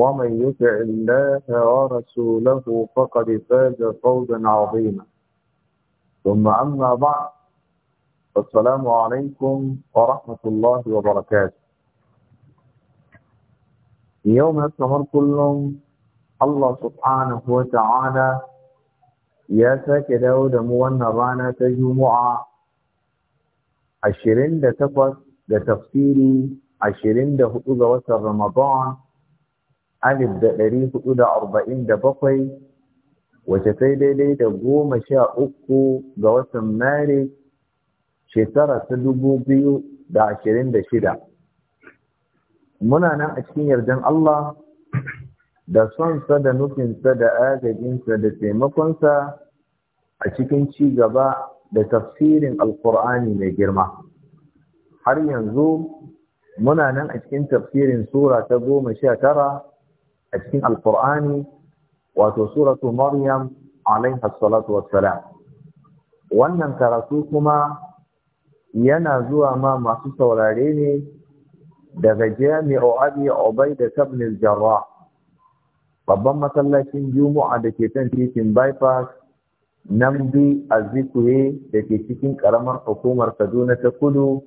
ومن يطع الله ورسوله فقد فاز فوزا عظيما ثم أما بعد السلام عليكم ورحمة الله وبركاته يوم السهر كلهم الله سبحانه وتعالى يا ساكي داود موانا رانا تجمع عشرين دا تفس دا تفسيري عشرين دا هؤلاء وسر رمضان alif da ɗari hudu da arba'in da bakwai wace sai daidai da goma sha uku ga watan maris shekara ta dubu biyu da ashirin da shida muna nan a cikin yardan Allah da sonsa da nufinsa da agajinsa da taimakonsa a cikin ci gaba da tafsirin alkur'ani mai girma har yanzu muna nan a cikin tafsirin sura ta goma sha tara a cikin alkur'ani wato suratu maryam alaiha salatu wassalam wannan karatu kuma yana zuwa ma masu saurare ne daga jami'u abi ubaida ibn al-jarrah babban masallacin juma'a da ke kan titin bypass nan bi azikwe da ke cikin karamar hukumar kaduna ta kudu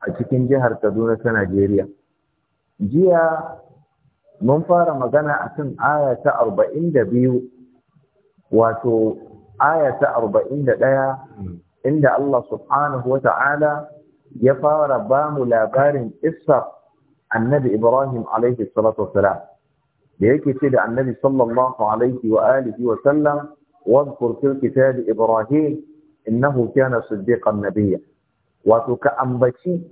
a cikin jihar kaduna ta najeriya jiya mun fara magana a kan aya ta arba'in da biyu wato aya ta arba'in da ɗaya inda Allah subhanahu wa ta'ala ya fara ba mu labarin isar annabi Ibrahim alaihi salatu wasalam da yake ce da annabi sallallahu alaihi wa alihi wa sallam wadhkur fil kitab Ibrahim innahu kana siddiqan nabiyya wato ka ambaci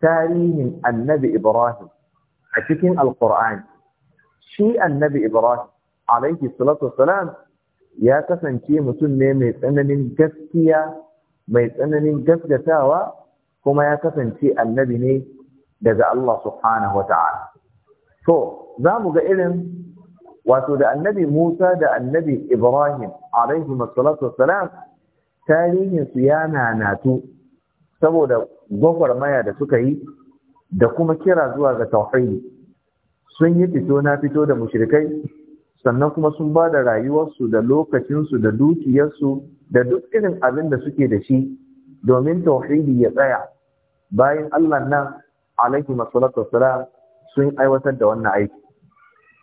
tarihin annabi Ibrahim a cikin alqur'ani shi annabi Ibrahim alaihi salatu wassalam ya kasance mutum ne mai tsananin gaskiya mai tsananin gaskatawa kuma ya kasance annabi ne daga Allah subhanahu wata'ala to za mu ga irin wato da annabi Musa da annabi Ibrahim alaihi salatu wassalam tarihin su ya nanatu saboda gwagwarmaya da suka yi da kuma kira zuwa ga tauhidi sun yi fito na fito da mushrikai sannan kuma sun ba da rayuwarsu da lokacinsu da dukiyarsu da duk irin abin da suke da shi domin tauhidi ya tsaya bayan Allah nan alaihi masalatu wassalam sun aiwatar da wannan aiki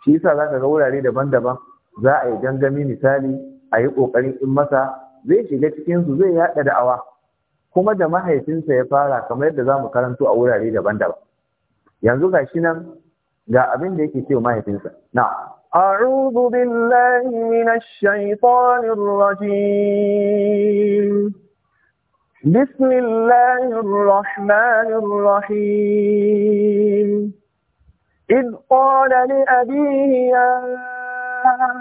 shi yasa zaka ga wurare daban-daban za a yi gangami misali a yi kokarin in masa zai shiga cikin su zai yada da'awa kuma da mahaifinsa ya fara kamar yadda za mu karanto a wurare daban-daban yanzu gashi nan ga abin da yake cewa mahaifinsa na أعوذ بالله من الشيطان الرجيم بسم الله الرحمن الرحيم إذ قال لأبيه يا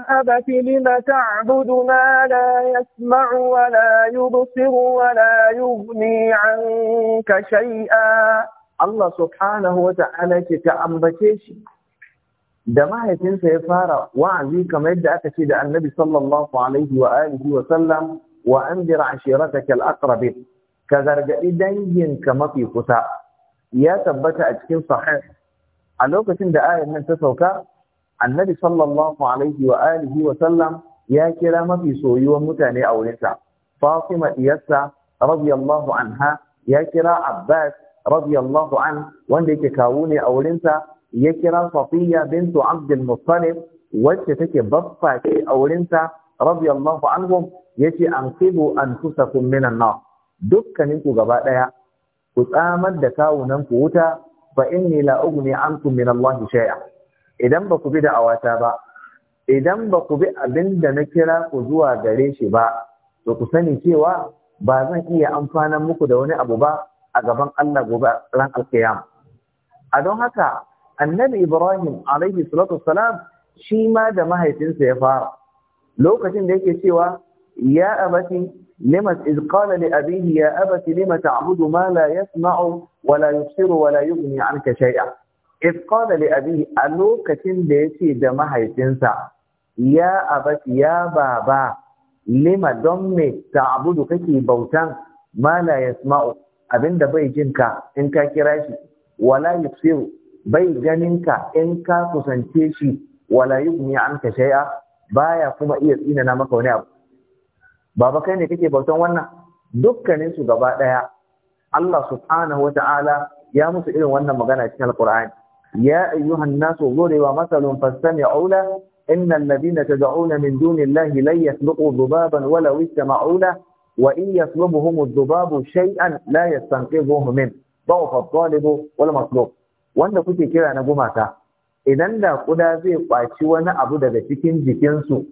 أبت لم تعبد ما لا يسمع ولا يبصر ولا يغني عنك شيئا Allah subhanahu wa ta'ala ce ta ambace shi da mahaifinsa ya fara wa'azi kamar yadda aka ce da annabi sallallahu alaihi wa alihi wa sallam wa anzir ashirataka aqrabin ka gargadi danginka mafi kusa ya tabbata a cikin sahih a lokacin da ayar nan ta sauka annabi sallallahu alaihi wa alihi wa sallam ya kira mafi soyuwan mutane a wurinsa fatima diyarsa radiyallahu anha ya kira abbas radiyallahu an wanda yake kawu ne a wurinsa ya kira Safiya bintu Abdul Muttalib wacce take baffa ke a wurinsa radiyallahu anhum yace anqibu anfusakum minan nar dukkanin ku gaba daya ku tsamar da kawunan ku wuta fa inni la ne ankum min Allah shay'a idan ba ku bi da awata ba idan ba ku bi abin da na kira ku zuwa gare shi ba to ku sani cewa ba zan iya amfanan muku da wani abu ba a gaban Allah gobe ran alkiyama a don haka annabi Ibrahim alaihi salatu wassalam shi ma da mahaifinsa ya fara lokacin da yake cewa ya abati lima iz qala li abihi ya abati lima ta'budu ma la yasma'u wa la yusiru wa la yughni 'anka shay'a iz qala li abihi a lokacin da yake da mahaifinsa ya abati ya baba lima don me ta'budu kake bautan ma la yasma'u abinda bai jin ka in ka kira shi wala yusiru bai ka in ka kusance shi wala yughni anka shay'a baya kuma iya tsina maka wani abu baba kai ne kake bautan wannan dukkanin su gaba daya Allah subhanahu wata'ala ya musu irin wannan magana cikin alqur'ani ya ayyuhan nasu dhurewa masalun fastami'u la innal ladina tad'una min dunillahi lan yakhluqu dhubaban wala yasma'u lahu wa in yaslubuhum adh-dhubabu shay'an la yastanqidhuhu min dawf adh-dhalibu wal maslub wanda kuke kira na gumata? idan da kuda zai kwaci wani abu daga cikin jikinsu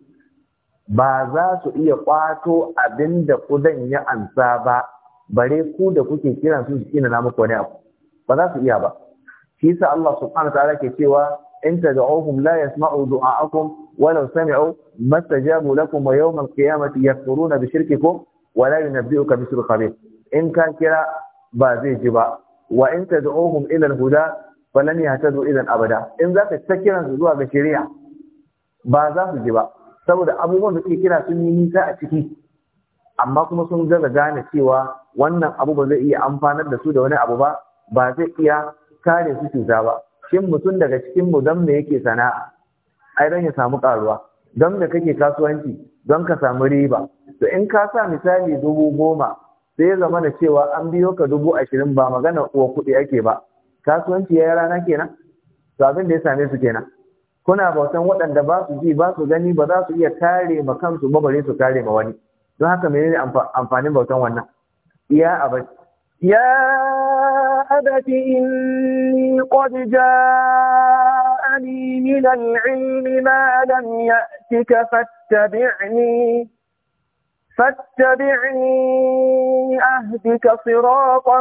ba za su iya kwato abinda da kudan ya ansa ba bare ku da kuke kiransu su jikin na muku wani abu ba za su iya ba shi sa Allah subhanahu wa ta'ala ke cewa in tad'uhum la yasma'u du'a'akum walau sami'u mastajabu lakum wa yawm al-qiyamati yakfuruna bi shirkikum wala yunabbi'uka mithlu khabir in ka kira ba zai ji ba wa in tad'uhum ila al-huda falan yahtadu idan abada in zaka ta kiransu su zuwa ga shari'a ba za su ji ba saboda abubuwan da suke kira sun yi nisa a ciki amma kuma sun gaza gane cewa wannan abu ba zai iya amfanar da su da wani abu ba ba zai iya kare su cuta ba shin mutum daga cikin mu dan me yake sana'a ai dan ya samu karuwa don me kake kasuwanci don ka samu riba to in ka sa misali dubu goma sai ya zama da cewa an biyo ka dubu ashirin ba magana uwa kuɗi ake ba kasuwanci ya yi rana kenan to abin da ya same su kenan kuna bautan waɗanda ba su ji ba su gani ba za su iya kare ma kansu ba bare su kare ma wani don haka ne amfanin bautan wannan iya abin ya abati inni qad jaa يعني من العلم ما لم يأتك فاتبعني فاتبعني أهدك صراطا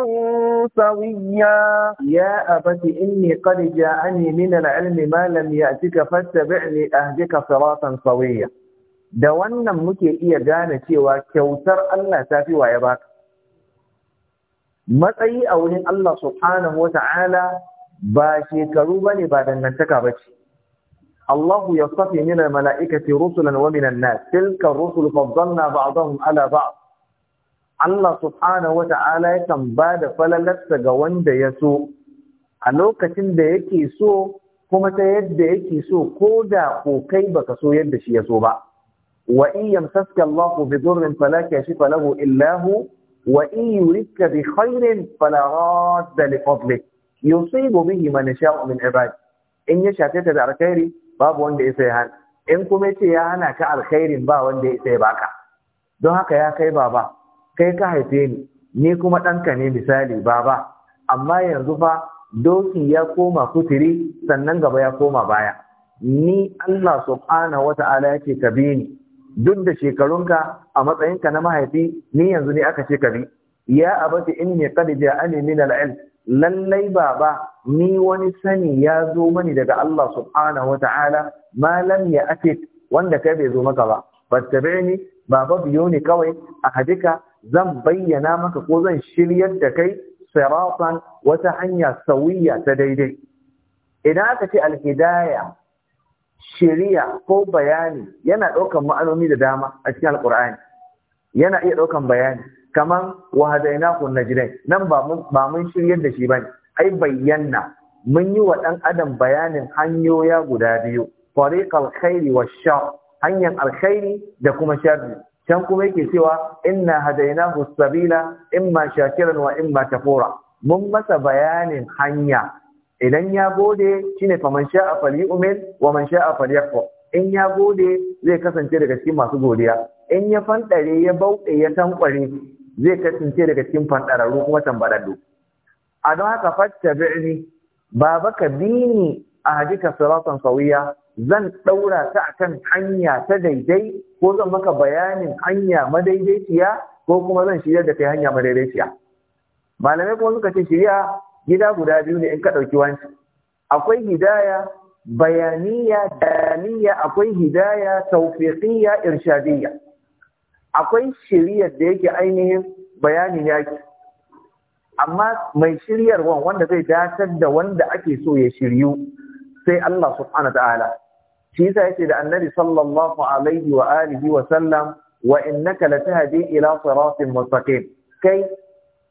سويا يا أبت إني قد جاءني من العلم ما لم يأتك فاتبعني أهدك صراطا سويا da wannan muke iya gane cewa kyautar Allah ta fi waye baka matsayi a wurin Allah subhanahu ba shekaru ba ne ba dangantaka ba ce Allahu ya safi min mala'ikati rusulan wa minan nas tilka rusul faddalna ba'dahum ala ba. Allah subhanahu wa ta'ala yakan ba da falalarsa ga wanda ya so a lokacin da yake so kuma ta yadda yake so ko da ko kai baka so yadda shi ya so ba wa in yamsaka Allah bi dhurrin fala kashifa lahu illa hu wa in yuridka bi khairin fala radda li yusibu bihi man sha'u min ibadi in ya shafe ka da alkhairi babu wanda ya sai hana in kuma ce ya hana ka alkhairin ba wanda ya sai baka don haka ya kai baba kai ka haife ni ni kuma ɗanka ne misali baba amma yanzu fa doki ya koma kuturi sannan gaba ya koma baya ni Allah subhanahu wata'ala yake ka bini duk da shekarunka a matsayinka na mahaifi ni yanzu ne aka ce ka bi ya abati inni qad ja'ani min al-ilm lallai ba ba ni wani sani ya zo mani daga Allah subhanahu ta’ala ma lam ya ake wanda kai bai zo maka ba fattabi'ni baba biyo ni kawai a hadika zan bayyana maka ko zan shiryar da kai Sarafan wata hanya sawiya ta daidai idan aka ce alhidaya shiriya ko bayani yana ɗaukan ma'anoni da dama a cikin alƙur'ani yana iya ɗaukan bayani kaman wa hadainahu najdain nan ba mun ba mun shiryar da shi bane ai bayyana mun yi wa ɗan adam bayanin hanyoya guda biyu tariqal alkhairi wa shar hanyar alkhairi da kuma sharri can kuma yake cewa inna hadainahu sabila imma shakiran wa imma Tafura. mun masa bayanin hanya idan ya gode shine faman sha'a falyu'min wa man sha'a falyakfur in ya gode zai kasance daga cikin masu godiya in ya fanɗare ya bauɗe ya tankware zai kasance daga cikin fandararru kuma tambararru a don haka fatta ba baba ka bini a hadika Salatan sawiya zan ɗaura ta akan hanya ta daidai ko zan maka bayanin hanya madaidaiciya ko kuma zan shirya da kai hanya madaidaiciya malamai kuma suka ce shirya gida guda biyu ne in ka ɗauki wani akwai hidaya bayaniya bayaniya akwai hidaya taufiqiya irshadiyya akwai shiriyar da yake ainihin bayanin yaki amma mai shiryarwan wanda zai datar da wanda ake so ya shiryu sai Allah subhanahu ta'ala shi yasa yace da annabi sallallahu alaihi wa alihi wa sallam wa innaka latahdi ila siratin mustaqim kai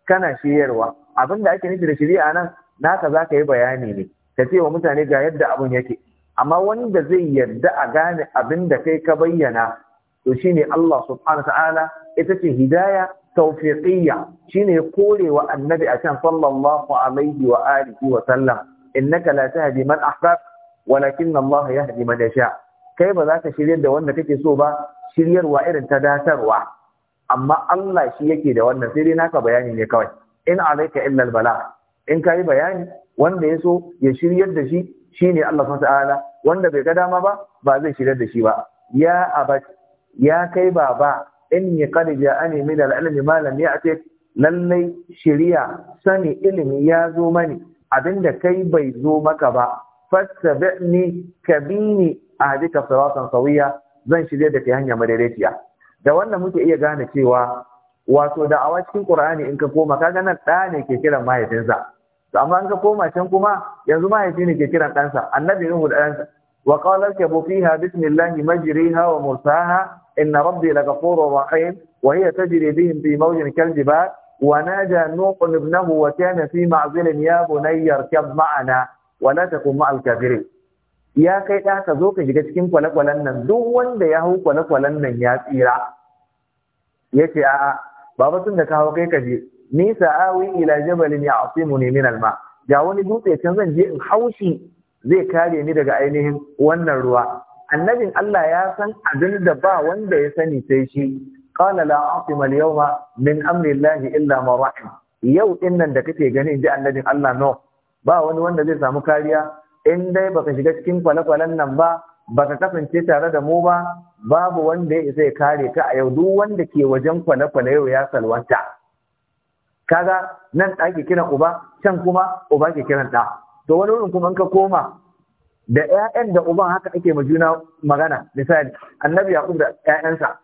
kana shiryarwa abinda ake nufi da shiri'a nan naka zaka yi bayani ne ka ce wa mutane ga yadda abun yake amma wanda zai yarda a gane abin da kai ka bayyana to ne Allah subhanahu ta'ala ita ce hidaya Shi shine korewa annabi a can sallallahu alaihi wa alihi wa sallam innaka la tahdi man ahbab walakin Allah yahdi man yasha kai ba za ka shiryar da wanda kake so ba shiryarwa irin ta datarwa amma Allah shi yake da wannan sai dai naka bayani ne kawai in alayka illa bala in kai bayani wanda ya so ya shiryar da shi shine Allah subhanahu wanda bai ga dama ba ba zai shiryar da shi ba ya abat ya kai baba in qad an min al-ilmi malam ya ya'ti lallai shirya sani ilimi ya zo mani abinda kai bai zo maka ba ni kabini hajjika siratan sauya, zan shirya da kai hanya madaidaiciya da wannan muke iya gane cewa wato da awa cikin ƙur'ani in ka koma ka nan ɗa ne ke kiran mahaifinsa amma in ka koma can kuma yanzu mahaifi ne ke kiran ɗansa annabi nuhu da ɗansa wa qala kabu fiha bismillahi majriha wa mursaha إن ربي لغفور رحيم وهي تجري بهم في موج كالجبال ونادى نوح ابنه وكان في معزل يا بني اركب معنا ولا تكن مع الكافرين ya kai ɗa ka zo ka shiga cikin kwale nan duk wanda ya hau kwale-kwalen nan ya tsira ya ce a'a baba tun da ka hau kai ka je ni sa'awi ila jabalin ya asimu ne min alma ga wani dutse can zan je in haushi zai kare ni daga ainihin wannan ruwa annabin Allah ya san abin da ba wanda ya sani sai shi qala la asima al-yawma min amri Allah illa ma rahim yau din nan da kake gani ji annabin Allah no ba wani wanda zai samu kariya in dai baka shiga cikin kwale-kwalen nan ba baka kasance tare da mu ba babu wanda ya isa ya kare ka a yau duk wanda ke wajen kwale-kwale yau ya salwanta kaga nan ɗaki kiran uba can kuma uba ke kiran ɗa to wani wurin kuma in ka koma da ƴaƴan da uban haka ake ma juna magana misali annabi yaqub da ƴaƴansa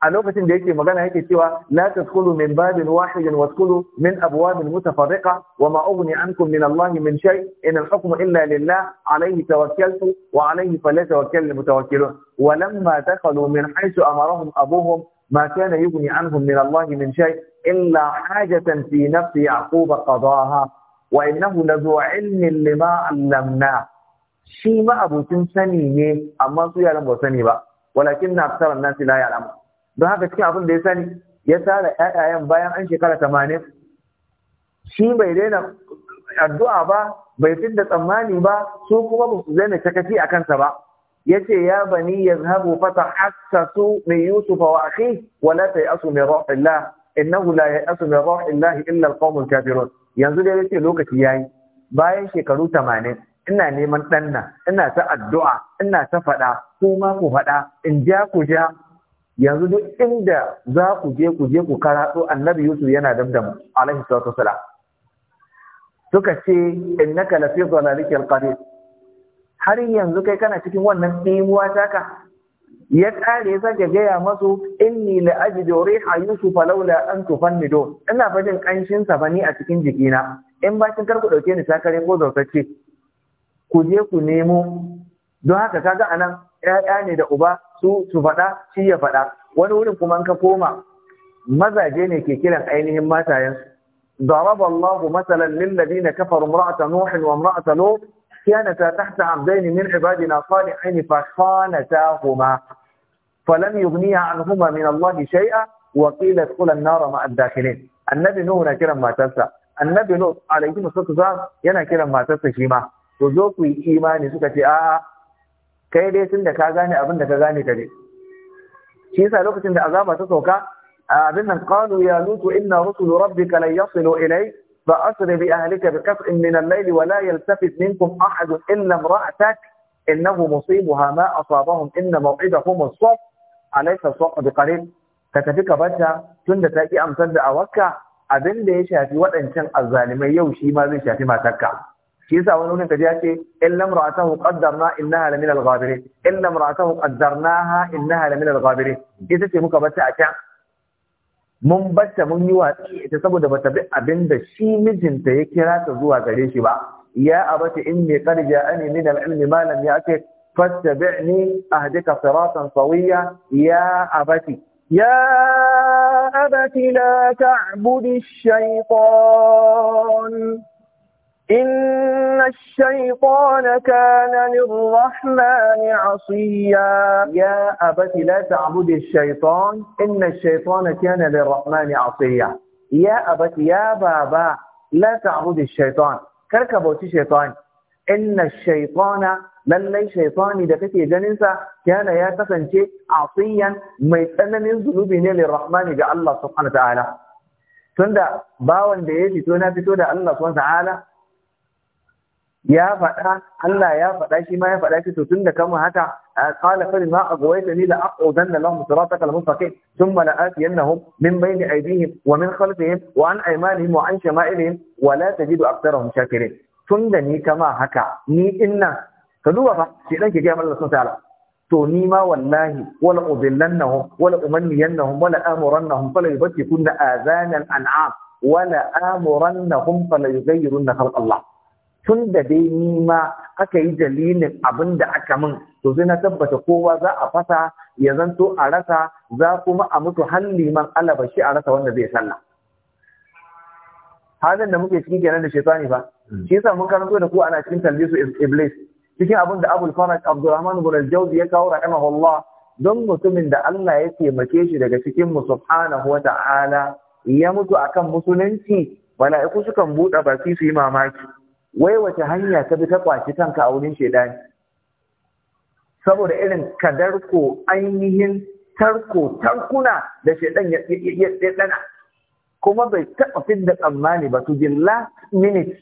a lokacin da yake magana yake cewa la tadkhulu min babin wahidin wadkhulu min abwabin mutafarriqa wa ma ughni ankum min allahi min shay in al-hukmu illa lillah alayhi tawakkaltu wa alayhi falyatawakkal al-mutawakkilun wa lamma dakhalu min haythu amarahum abuhum ما كان يغني عنهم من الله من شيء إلا حاجة في نفس يعقوب قضاها وإنه لذو علم لما علمناه shi ma abokin sani ne amma su yaran ba sani ba walakin na tsaron nan la alama don haka cikin abin da ya sani ya tara ƴaƴayen bayan an shekara tamanin. shi bai daina addu'a ba bai da tsammani ba su kuma ba su daina cakafi a kansa ba Ya ce ya bani ya fata yazhabu su mai yusuf wa akhi wa la tayasu min rahillah innahu la yasu mai rahillah illa alqawmul kafirun yanzu dai ya ce lokaci yayi bayan shekaru tamanin. ina neman ɗan ina ta addu'a ina ta faɗa ko ma ku faɗa in ja ku ja yanzu duk inda za ku je ku je ku karatsu annabi yusuf yana damdam alaihi ta wasalam suka ce innaka lafi dhalalikal qadir har yanzu kai kana cikin wannan ɗimuwa taka ya ƙare ya sake gaya masu inni la ajidu riha Yusuf laula an Nido. ina fadin ƙanshin sa bani a cikin jikina in ba kar ku ɗauke ni takare ko zautacce ku je ku nemo don haka kaga anan ‘ya'ya ne da uba su su faɗa shi ya faɗa wani wurin kuma ka koma mazaje ne ke kiran ainihin matayensu ضرب الله مثلا للذين كفروا امرأة نوح وامرأة لوط كانتا تحت عبدين من عبادنا صالحين فخانتاهما فلم يغنيها عنهما من الله شيئا وقيل ادخل النار مع الداخلين النبي نوح na kiran matarsa annabi lot alaihi wasallatu yana kiran matarsa shima. to zo ku yi imani suka ce a'a kai dai tunda ka gane abin da ka gane ka dai shi yasa lokacin da azaba ta sauka abin nan qalu ya lutu inna rusul rabbika lan yasilu ilay fa asri bi ahlika bi qat'in min al layl wa la yaltafit minkum ahad illa imra'atak innahu musibuha ma asabahum inna maw'idahum as-sabt alaysa as-sabt biqarib ka tafi ka bata tunda ta ki amsar da awakka abin da ya shafi waɗancan azzalimai yau shi ma zai shafi matarka shi yasa wani wurin kaji ya ce illa imra'atahu qaddarna innaha lamin al-ghabirin illa imra'atahu qaddarnaha innaha lamin al-ghabirin ita ce muka bata a can mun bata mun yi watsi ita saboda bata bi abinda shi mijinta ya kira ta zuwa gare shi ba ya abata inni qad ja'ani min al-ilmi ma lam ya'tik fattabi'ni ahdika siratan sawiya ya abati يا أبت لا تعبد الشيطان إن الشيطان كان للرحمن عصيا يا أبت لا تعبد الشيطان إن الشيطان كان للرحمن عصيا يا أبت يا بابا لا تعبد الشيطان كرك بوتي شيطان إن الشيطان lallai shaitani da kake ganinsa kana ya kasance asiyan mai tsananin zunubi ne lirrahmani ga Allah subhanahu tunda bawan da ya fito na fito da Allah ya faɗa Allah ya faɗa shi ma ya faɗa shi to tun da kama haka qala fa ma aghwaytani la aqudanna lahum siratakal mustaqim thumma la atiyannahum min bayni aydihim wa min khalfihim wa an aymanihim wa an shama'ilihim wa la tajidu aktharahum shakirin tun da ni kama haka ni inna ka duba fa shi dan ke ga Allah subhanahu ta'ala to ni ma wallahi wala udillannahum wala umanniyannahum wala amurannahum fala yubtikunna azanal an'am wala amurannahum fala yughayyirunna khalq Allah tun da dai ni ma aka yi dalilin abin da aka min to sai na tabbata kowa za a fasa ya zanto a rasa za kuma a mutu har liman alaba shi a rasa wanda zai sallah halin da muke ciki kenan da shaitani ba, hmm. shi yasa mun karanto da ku ana cikin talbisu iblis cikin abin da Abul farak Abdurrahman ibn al-Jawzi ya kawo rahimahullah don mutumin da Allah ya taimake shi daga cikin mu subhanahu wa ta'ala ya mutu akan musulunci bala'iku sukan buɗe baki su yi mamaki wai wace hanya ka bi ta kwaci kanka a wurin shedani saboda irin kadarko ainihin tarko tarkuna da shedan ya ɗana kuma bai taɓa da tsammani ba to the last minute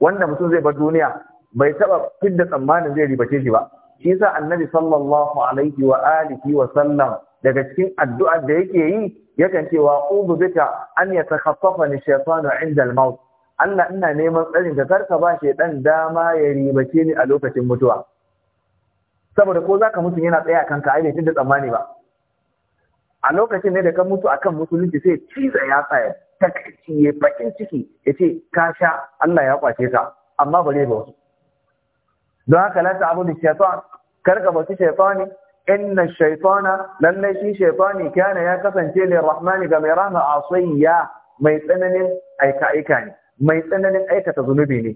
wanda mutum zai bar duniya bai taɓa da tsammanin zai ribace shi ba shi yasa annabi sallallahu alaihi wa alihi wa sallam daga cikin addu'ar da yake yi yakan cewa ubu bika an yatakhaffafa ni shaytanu inda al-maut Allah ina neman tsarin ka karka ba ɗan dama ya ribace ni a lokacin mutuwa saboda ko zaka mutu yana tsaye akan ka ai da tsammani ba a lokacin ne da ka mutu akan musulunci sai ciza ya tsaya takaici ya bakin ciki ya ce ka sha Allah ya kwace ka amma bare ba wasu don haka abu da shaytan karka bauci shaytani inna shaifana lallai shi shaytani kana ya kasance lir rahmani ga mai rahma asiya mai tsananin aika aika ne mai tsananin aikata zunubi ne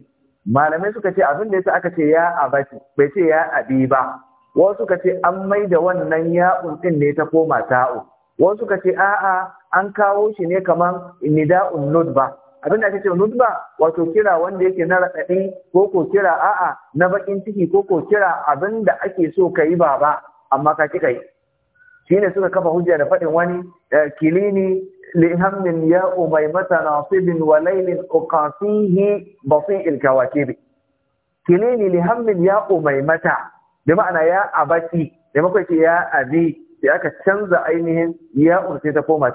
malamai suka ce abin da yasa aka ce ya abati bai ce ya abi ba wasu suka ce an mai da wannan ya'un ɗin ne ta koma ta'u wasu suka ce a'a an kawo shi ne kamar nida'un nudba abin da ake ce nudba wato kira wanda yake na raɗaɗi ko ko kira a'a na bakin ciki ko ko kira abin da ake so ka yi baba amma ka ki kai ne suka kafa hujja da faɗin wani eh, kilini لهم يا أميمة ناصب وليل أقاسيه بطيء الكواكب كليني لهم يا أميمة بمعنى يا أبتي da قلت ya أبي da aka canza ainihin ya'un sai ta koma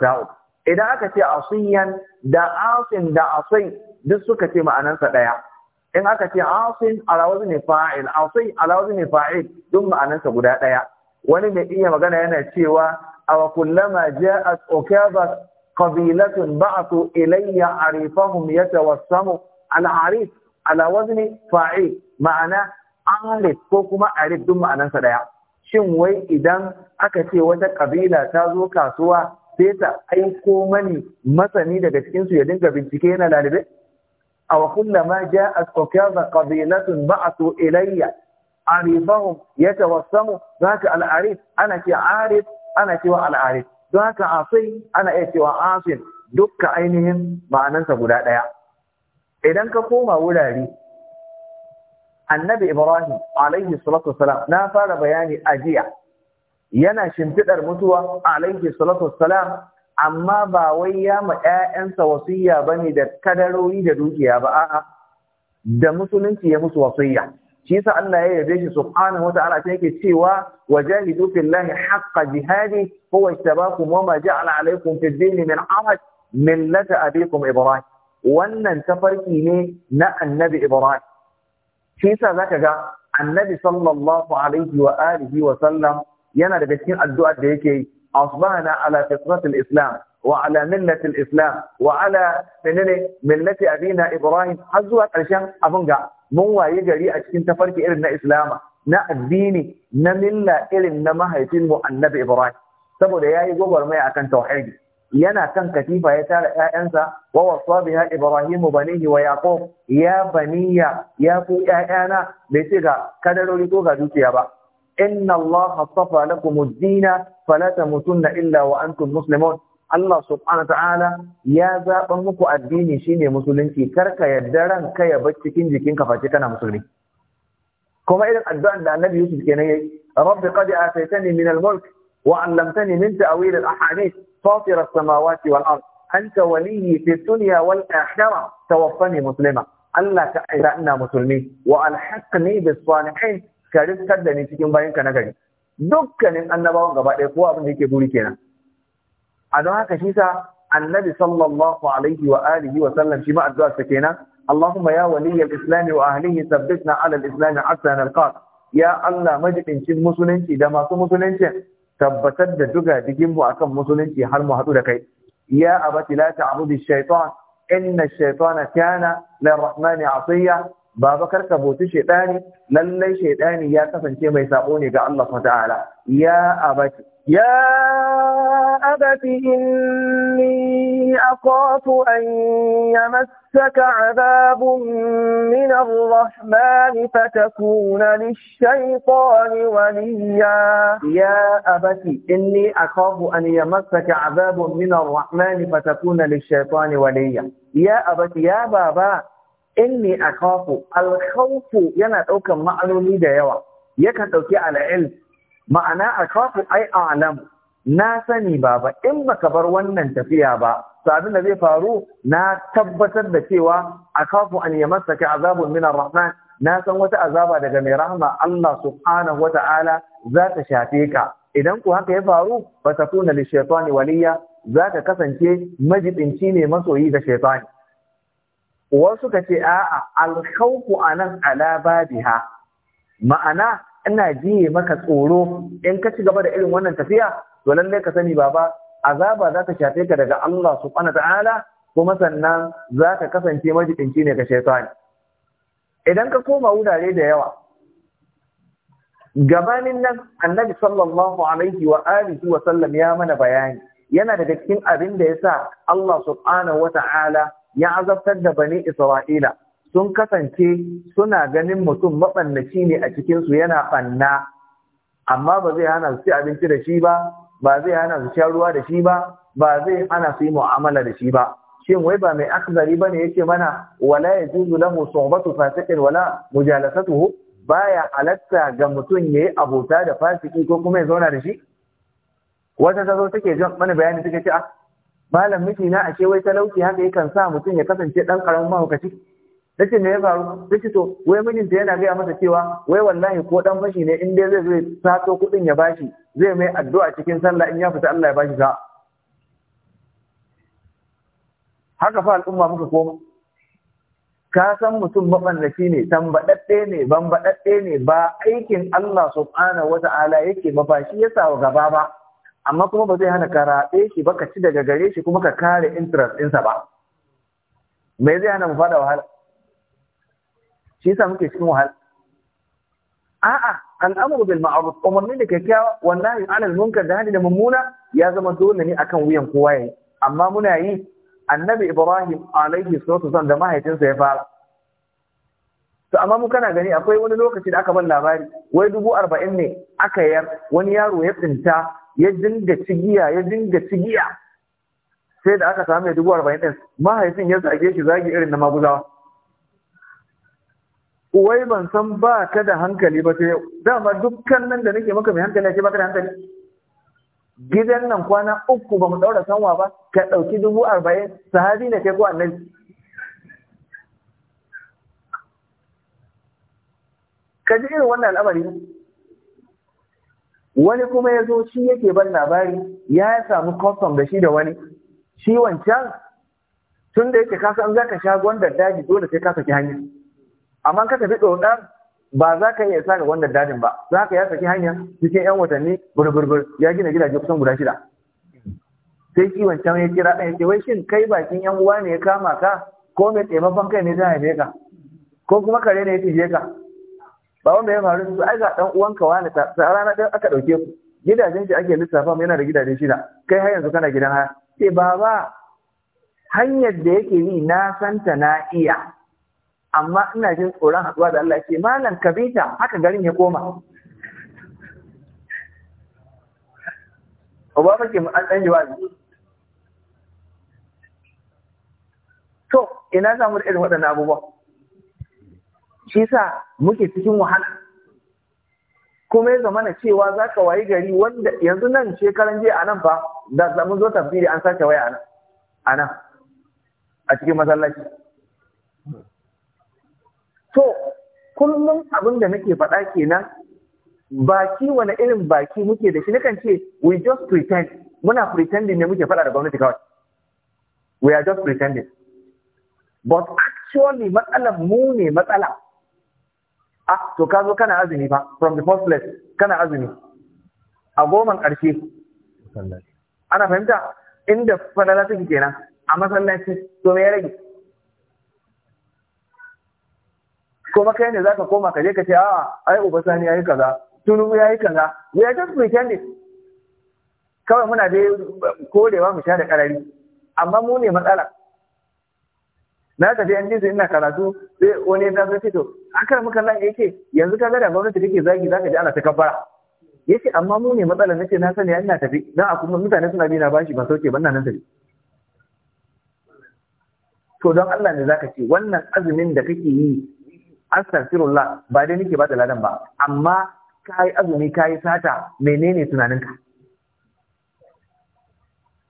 idan aka ce asiyan da asin da asai duk suka ce ma'anansa ɗaya in aka ce asin alawazi ne fa'il asai alawazi fa'il duk ma'anansa guda ɗaya wani mai iya magana yana cewa aw kullama ja'at ukabat قبيلة بعثوا إلي عريفهم يتوسموا على عريف على وزن فعيل معنى عارف كوكما عارف دم معنى سريع شن وي إذن أكتي وتا قبيلة تازو كاسوا سيتا أي كومني مثني دا كتكنسو يدنك بنتكينا لالبي أو كل ما جاءت أكاظ قبيلة بعثوا إلي عريفهم يتوسموا ذاك العريف أنا كعارف أنا كي وعلى عارف don haka asai ana iya cewa asin dukka ainihin ma'anansa guda ɗaya idan ka koma wurare annabi ibrahim alaihi salatu salam na fara bayani a jiya yana shimfiɗar mutuwa alaihi salatu salam, amma ba wai ya ma 'ya'yansa wasiyya ne da kadarori da dukiya ba a'a da musulunci ya musu wasiyya shi yasa Allah ya yabe shi subhanahu wa sai yake cewa wajahidu fillahi haqqa jihadi huwa ijtabakum wa ma ja'ala alaykum fid din min ahad millata abikum ibrahim wannan tafarki ne na annabi ibrahim shi yasa zaka ga annabi sallallahu alaihi wa alihi wa sallam yana daga cikin addu'a da yake yi asbahana ala fitratil islam wa ala millatil islam wa ala menene millati abina ibrahim har zuwa karshen abin ga mun waye gari a cikin tafarki irin na islama na addini na milla irin na mahaifin mu annabi ibrahim saboda yayi gwagwarmaya akan tauhidi yana kan katifa ya tara ƴaƴansa wa wasa biha ibrahim banihi wa yaqub ya baniya ya ku ƴaƴana bai ce ga kadarori ko ga dukiya ba inna allaha safa lakum ad-dina fala tamutunna illa wa antum muslimun Allah subhanahu ta'ala ya zaɓa muku addini shine musulunci karka yadda ranka ya bar cikin jikinka face kana musulmi kuma irin addu'an da Annabi Yusuf kenan yayi rabbi qad ataytani min al-mulk wa 'allamtani min ta'wil al-ahadith fatir as-samawati wal ard anta waliyyi fi dunya wal akhirah tawaffani muslima Allah ka aira ina musulmi wa alhaqni bis salihin ka rizkar da ni cikin bayinka na gari dukkanin annabawan gaba ɗaya kowa abin da yake buri kenan a don haka shi sa annabi sallallahu alaihi wa alihi wa sallam shi ma addu'a sa kenan Allahumma ya waliyal islami wa ahlihi sabbitna ala al Islami hatta nalqaq ya Allah majibincin musulunci da masu musulunci tabbatar da duga digin mu akan musulunci har mu haɗu da kai ya abati la ta'budu shaytan inna ash-shaytana kana lirrahmani asiya baba karka bauti shaytani lallai shaytani ya kasance mai sabo ne ga Allah subhanahu wa ta'ala ya abati يا أبت إني أخاف أن يمسك عذاب من الرحمن فتكون للشيطان وليا يا أبت إني أخاف أن يمسك عذاب من الرحمن فتكون للشيطان وليا يا أبت يا بابا إني أخاف الخوف ينا أوكا ديوة يكتوك على علم ma'ana a kafin ai alam na sani baba in baka bar wannan tafiya ba sabin da zai faru na tabbatar da cewa a kafin an ka azabun Minna rahman na san wata azaba daga mai rahma Allah subhanahu ta'ala za ta shafe ka idan ku haka ya faru ta kuna li shaytani waliya za ka kasance majibinci ne masoyi ga shaytani wasu ka ce a'a alkhawfu anan ala babiha ma'ana ina jiye maka tsoro in ka ci gaba da irin wannan tafiya to lallai ka sani baba azaba za ta shafe ka daga Allah subhanahu ta'ala kuma sannan za ka kasance majikinci ne ga shaitani idan ka koma wurare da yawa gabanin nan annabi sallallahu alaihi wa alihi wa sallam ya mana bayani yana daga cikin abin da yasa Allah subhanahu wa ta'ala ya azabtar da bani Isra'ila sun kasance suna ganin mutum maɓannaci ne a cikinsu yana ɓanna amma ba zai hana su ci abinci da shi ba ba zai hana su sha ruwa da shi ba ba zai hana su yi mu'amala da shi ba shin wai ba mai akzari ba ne yake mana wala ya juzu lahu suhbatu fasiqin wala mujalasatuhu baya halatta ga mutum ya yi abota da fasiki ko kuma ya zauna da shi wata ta zo take jan mana bayani take ce ah malam miji na ashe wai talauci haka yakan sa mutum ya kasance ɗan ƙaramin mahaukaci nace me ya faru nace to wai mijinta yana gaya masa cewa wai wallahi ko dan fashi ne in dai zai zai sato kuɗin ya bashi zai mai addu'a cikin sallah in ya fita Allah ya bashi sa haka fa al'umma muka koma ka san mutum mabannaci ne tambaɗaɗe ne bambaɗaɗe ne ba aikin Allah subhanahu wata'ala yake ba ba ya sa gaba ba amma kuma ba zai hana ka shi ba ka ci daga gare shi kuma ka kare interest ɗinsa ba me zai hana mu fada wahala shi yasa muke cikin wahala a'a al'amru bil ma'ruf umarni da kyakkyawa wallahi alal munkar da hadi da mummuna ya zama dole ne akan wuyan kowa yayi amma muna yi annabi ibrahim alaihi salatu da mahaifinsa ya fara to amma mu kana gani akwai wani lokaci da aka ban labari wai dubu arba'in ne aka yar wani yaro ya tsinta ya dinga cigiya ya dinga cigiya sai da aka samu dubu arba'in ɗin. mahaifin ya zage shi zagi irin na maguzawa wai ban san ba ka da hankali ba sai dama dukkan nan da nake maka mai hankali ake baka da hankali gidan nan kwana uku ba mu daura sanwa ba ka ɗauki dubu arba'in sahabi ne kai ko annabi ka ji irin wannan al'amari wani kuma ya zo shi yake ban labari ya samu custom da shi da wani shi wancan tun da yake kasa an za ka sha gwandar daji dole sai ka saki hanyar amma ka tafi ɗoɗan ba za ka iya saka wannan dadin ba za ka ya saki hanya cikin yan watanni burburbur ya gina gidaje kusan guda shida sai kiwon can ya kira ɗaya ya ce wai shin kai bakin yan uwa ne ya kama ka ko mai taimakon kai ne za a ka ko kuma kare ne ya cije ka ba wanda ya faru su aika ga ɗan uwanka wani ta rana ɗan aka ɗauke ku gidajen shi ake lissafa yana da gidaje shida kai har yanzu kana gidan haya ce baba hanyar da yake yi na santa na iya amma ina jin tsoron haɗuwa da Allah ce malam kabita haka garin ya koma ba fake mu an ɗan ne. to ina za da irin waɗannan abubuwa shi sa muke cikin wahala kuma ya zamana cewa za ka wayi gari wanda yanzu nan shekaran jiya a nan fa da zamu zo tafsiri an sake waya a nan a cikin masallaci To, kullum abin da nake faɗa kenan baki wani irin baki muke da shi nakan ce we just pretend muna pretending ne muke faɗa da gwamnati kawai we are just pretending but actually matsalar mu ne matsala ah to ka zo kana azumi fa from the first place kana azumi a goman ƙarshe ana fahimta inda fadala take kenan a masallaci to me ya rage kuma kai ne zaka koma ka je ka ce a'a ai uba sani yayi kaza ya yayi kaza we are just pretending kawai muna da kodewa mu sha da karari amma mu ne matsala na tafi yan jinsi ina karatu sai wani ya zai fito an akar muka nan yake yanzu ka ga da gwamnati take zagi zaka ji ana ta kafara yace amma mu ne matsala nace na sani ina tafi dan a kuma mutane suna bi na bashi ba sauke ban nan tafi to don Allah ne zaka ce wannan azumin da kake yi astaghfirullah ba dai nake ba da ladan ba amma kai azumi kai sata menene tunaninka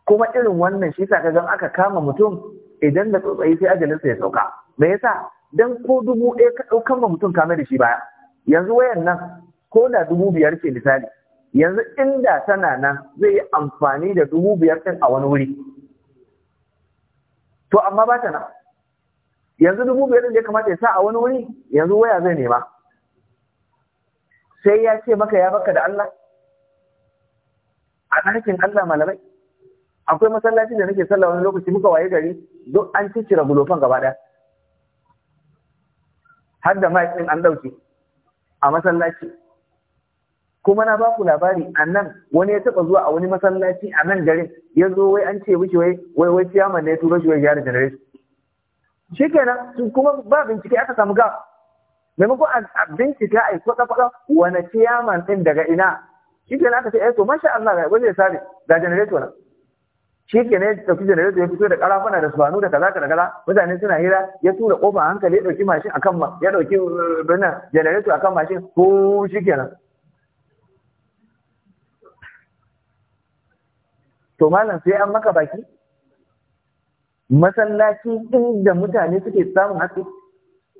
kuma irin wannan shi sa kaga aka kama mutum idan da tsotsayi sai sa ya sauka me yasa dan ko dubu ɗaya ka ɗaukan ma mutum kame da shi baya yanzu wayan nan ko da dubu biyar ke misali yanzu inda tana nan zai yi amfani da dubu biyar ɗin a wani wuri to amma ba ta nan yanzu dubu biyar da ya kamata ya sa a wani wuri yanzu waya zai nema sai ya ce maka ya baka da Allah a ɗakin Allah malamai akwai masallaci da nake sallah wani lokaci muka waye gari duk an cire bulofan gaba ɗaya har da mic an ɗauke a masallaci kuma na ba ku labari a nan wani ya taɓa zuwa a wani masallaci a nan garin ya zo wai an ce wuce wai wai wai ciyaman ne ya turo shi wai gyara generation shi kenan kuma ba bincike aka samu ga maimakon a bincika a kwata kwata wani ciyaman ɗin daga ina shi kenan aka ce eh to masha Allah ga gwaje sare ga janareto nan shi kenan ya tafi janareto ya fito da karafuna da subanu da kaza da kaza mutane suna hira ya tura kofa hankali ya dauki mashin akan ma ya dauki eh, bana janareto akan mashin ko shi kenan to malam sai an maka baki masallaci inda mutane suke samun haske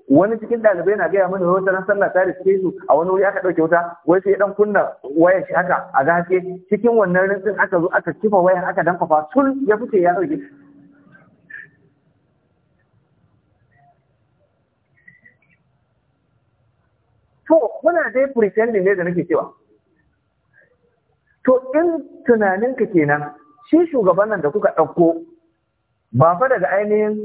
wani cikin ɗalibai na gaya mana wata ran sallah ta riske su a wani wuri aka ɗauke wuta wai sai dan kunna wayar shi haka a ga haske cikin wannan rintsin aka zo aka kifa wayar aka dankafa sun ya fice ya ɗauke to muna dai pretending ne da nake cewa to in tunaninka kenan shi shugaban nan da kuka ɗauko ba fa daga ainihin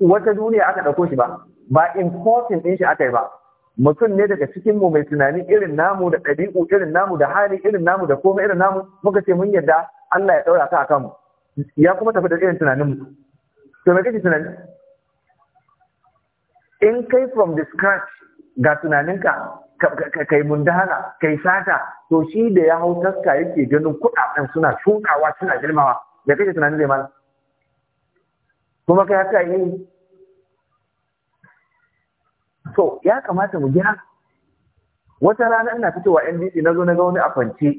wata duniya aka ɗauko shi ba ba kofin ɗin shi aka yi ba mutum ne daga cikin mu mai tunani irin namu da ɗabi'u irin namu da hali irin namu da komai irin namu muka ce mun yarda Allah ya ɗaura ka akan mu ya kuma tafi da irin tunanin mu to me kake tunani in kai from the scratch ga tunaninka kai mundana kai sata to shi da ya hau taska yake ganin kuɗaɗen suna shukawa suna girmawa me kake tunanin zai mana kuma kai haka yi so ya kamata mu gina? wata rana ina fitowa NDC na zo na ga wani a kwance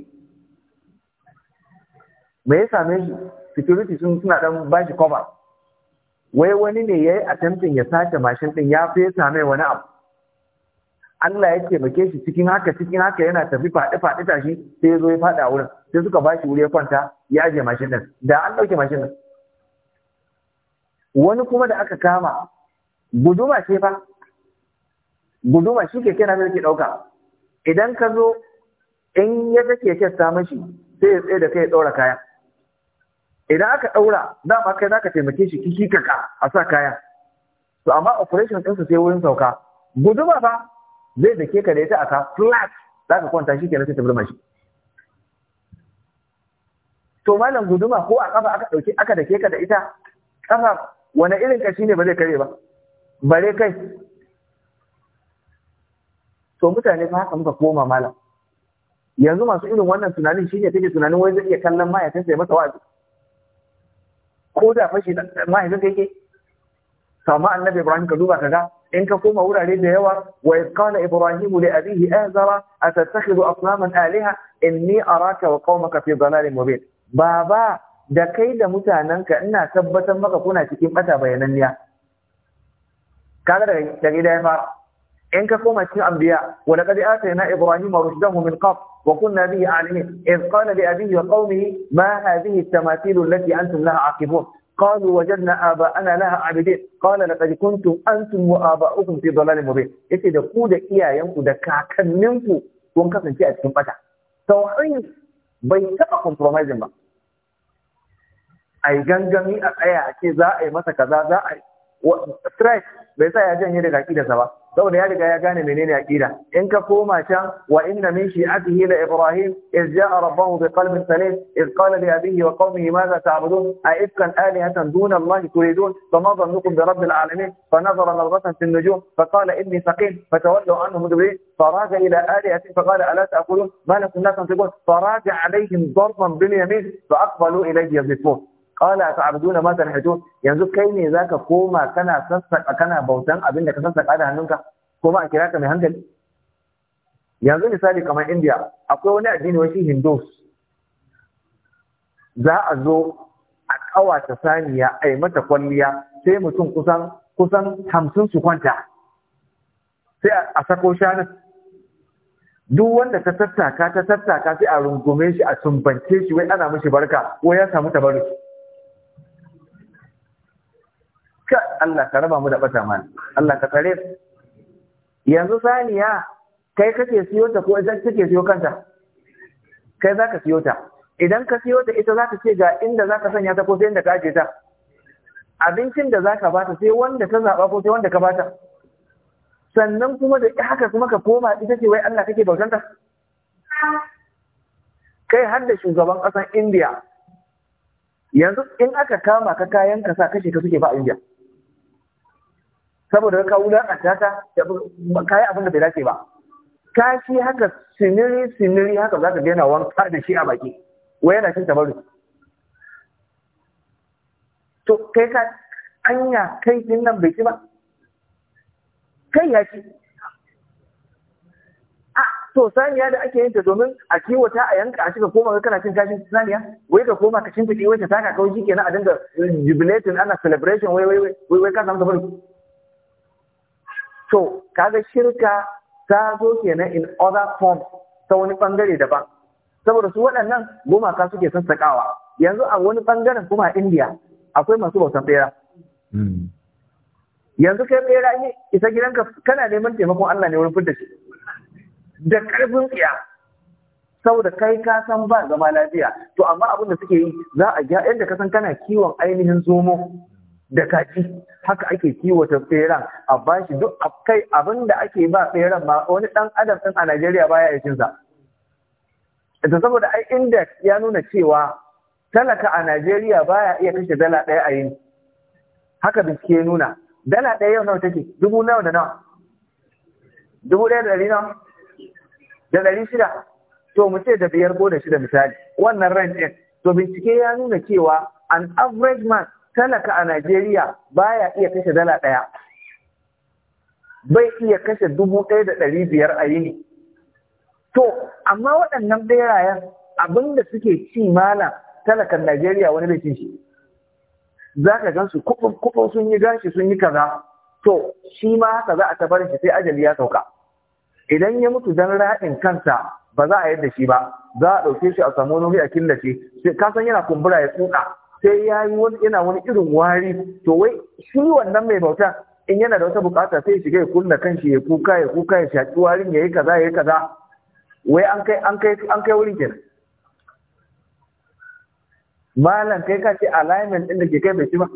me ya same shi security sun suna dan ba shi cover wai wani ne yayi attempting ya sace mashin din ya fesa mai wani abu Allah ya taimake shi cikin haka cikin haka yana tafi faɗi faɗi tashi sai ya zo ya faɗa wurin sai suka ba shi wuri ya kwanta ya je mashin din da an ɗauke mashin din wani kuma da aka kama guduma ce fa guduma shi ke na ke ɗauka idan ka zo in ya take ke ta mashi sai ya tsaye da kai ya ɗaura kaya idan aka ɗaura dama kai za ka taimake shi kiki kaka a sa kaya to amma operation ɗinsa sai wurin sauka guduma fa zai dake ka da ita a ka flat za ka kwanta shi ke sai ta burma shi to malam guduma ko a kafa aka ɗauki aka dake ka da ita ƙafa wani irin kashi ne ba zai kare ba bare kai to mutane fa haka muka koma malam yanzu masu irin wannan tunanin shine kake tunanin wai zai iya kallon mahaifinsa ya masa wa'azi ko da fashi mahaifinsa ke? kama annabi Ibrahim ka duba kaga in ka koma wurare da yawa wa qala ibrahim li abihi azara eh, atattakhidhu in alaha inni araka wa qaumaka fi dhalalin mubin baba da kai da mutanenka ina tabbatar maka kuna cikin bata bayananniya kaga da gida ya fara in ka koma cikin anbiya wa laqad atayna ibrahima rushdahu min qabl wa kunna bihi alimin id qala li abihi wa qaumihi ma hadhihi at-tamathil allati antum laha aqibun قالوا وجدنا آباءنا لها عابدين قال a كنتم أنتم وآباؤكم في ضلال مبين yace da ku da iyayenku da kakanninku kun kasance a cikin bata tauhid bai taba compromising ba ai gangami a tsaya a ce za a yi masa kaza za a strike bai sa ya janye daga aqidarsa ba saboda ya riga ya gane menene aqida in ka koma can wa inna min shi'atihi la ibrahim iz ja'a rabbahu bi qalbin salim iz qala li abihi wa qaumihi madha ta'budun a ifkan alihatan duna allah turidun fa ma dhannukum bi rabbil alamin fa nazara nazratan fi an-nujum fa qala inni saqim fa fatawallu anhu mudbirin qala ala آلهتهم ma lakum la ما fa raja alayhim darban bil yamin fa aqbalu ilayhi yazifun qala ta'buduna ma tanhitun yanzu kai ne zaka koma kana sassaka kana bautan abin da ka sassaka da hannunka ko ba a kira ka mai hankali yanzu misali kamar India akwai wani addini wani Hindus za a zo a kawata saniya a yi mata kwalliya sai mutum kusan kusan hamsin su kwanta sai a sako shanin duk wanda ta tattaka ta tattaka sai a rungume shi a sumbance shi wai ana mishi barka ko ya samu tabarruki ka Allah ka raba mu da bata mana Allah ka tsare yanzu saniya kai kake siyo ta ko idan kake siyo kanta kai za ka siyo ta idan ka siyo ta ita za ka ce ga inda za ka sanya ta ko sai inda ka ajiye ta abincin da za ka bata sai wanda ta zaɓa ko sai wanda ka bata sannan kuma da haka kuma ka koma ita ce wai Allah kake bautanta kai har da shugaban ƙasar India yanzu in aka kama ka kayan ka sa kashe ka suke ba India saboda ka a ta ka yi abin da bai dace ba kashi haka siniri siniri haka za ka daina wanka da shi a baki wai yana cin tabaru to kai ka anya kai din nan bai ci ba kai ya ci a to saniya da ake yin ta domin a kiwata a yanka a cika koma kana cin kashin saniya wai ka koma ka cin ta wai ta taka kawai kenan a dinga jubilating ana celebration wai wai wai wai ka samu tabaru to kaga shirka ta zo kenan in other form ta wani bangare daban saboda su waɗannan gumaka suke sassaƙawa yanzu a wani bangaren kuma a India akwai masu bautan bera hmm. yanzu kai bera ne isa gidanka kana neman taimakon Allah ne wurin fitar shi da ƙarfin tsiya saboda kai ka san ba zama lafiya to amma abin da suke yi za a gyara yadda ka san kana kiwon ainihin zomo da kaki haka ake kiwata tseren a bashi duk kai abin da ake ba tseren ma wani dan adam din a Najeriya baya yakin sa ita saboda ai index ya nuna cewa talaka a Najeriya baya iya kashe dala ɗaya a yin haka bincike ya nuna dala ɗaya yau nawa take dubu nawa da nawa dubu ɗaya da ɗari nawa da ɗari shida to mu ce da biyar ko da shida misali wannan ran ɗin to bincike ya nuna cewa an average man talaka a Najeriya baya iya kashe dala ɗaya bai iya kashe dubu ɗaya da ɗari biyar a yini to amma waɗannan ɓerayen abin da suke ci malam talakan Najeriya wani bai shi za ka gan su kuɓin sun yi gashi sun yi kaza to shi ma haka za a tabar shi sai ajali ya sauka idan ya mutu don raɗin kansa ba za a yadda shi ba za a ɗauke shi a samu wani a killace sai kasan yana kumbura ya tsuka sai ya yi wani ina wani irin wari to wai shi wannan mai bauta in yana da wata bukata sai shiga ya kunna kanshi ya kuka ya kuka ya shaki warin ya yi kaza ya yi kaza wai an kai an kai an kai wurin kenan malam kai ka ce alignment din da ke kai bai ci ba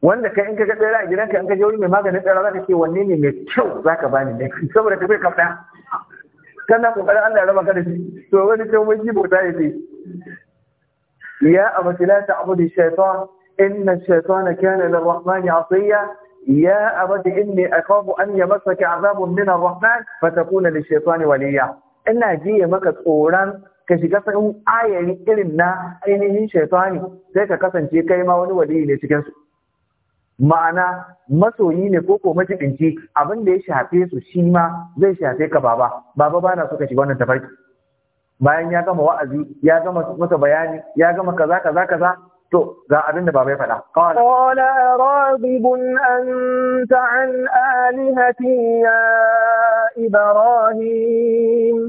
wanda kai in ka ga tsira a gidanka in ka je wurin mai maganin tsira zaka ce wanne ne mai kyau zaka bani ne saboda ka bai kafa kana kokarin Allah ya raba ka da shi to wani sai mun ji bauta ya ce ya abati la ta'budu shaytan inna shaytana kana lirrahmani asiya يا أبت إني أخاف أن يمسك عذاب من الرحمن فتكون للشيطان وليا إنا جي مكة أوران ka shiga sanin ayari irin na ainihin shaitani sai ka kasance kai ma wani waliyi ne cikinsu. ma'ana masoyi ne ko ko majibinci abin da ya shafe su shi ma zai shafe ka baba baba ba na so ka shiga wannan tafarki bayan ya gama wa'azi ya gama masa bayani ya gama kaza kaza kaza to ga abin da baba ya faɗa qala radibun anta an alihati ya ibrahim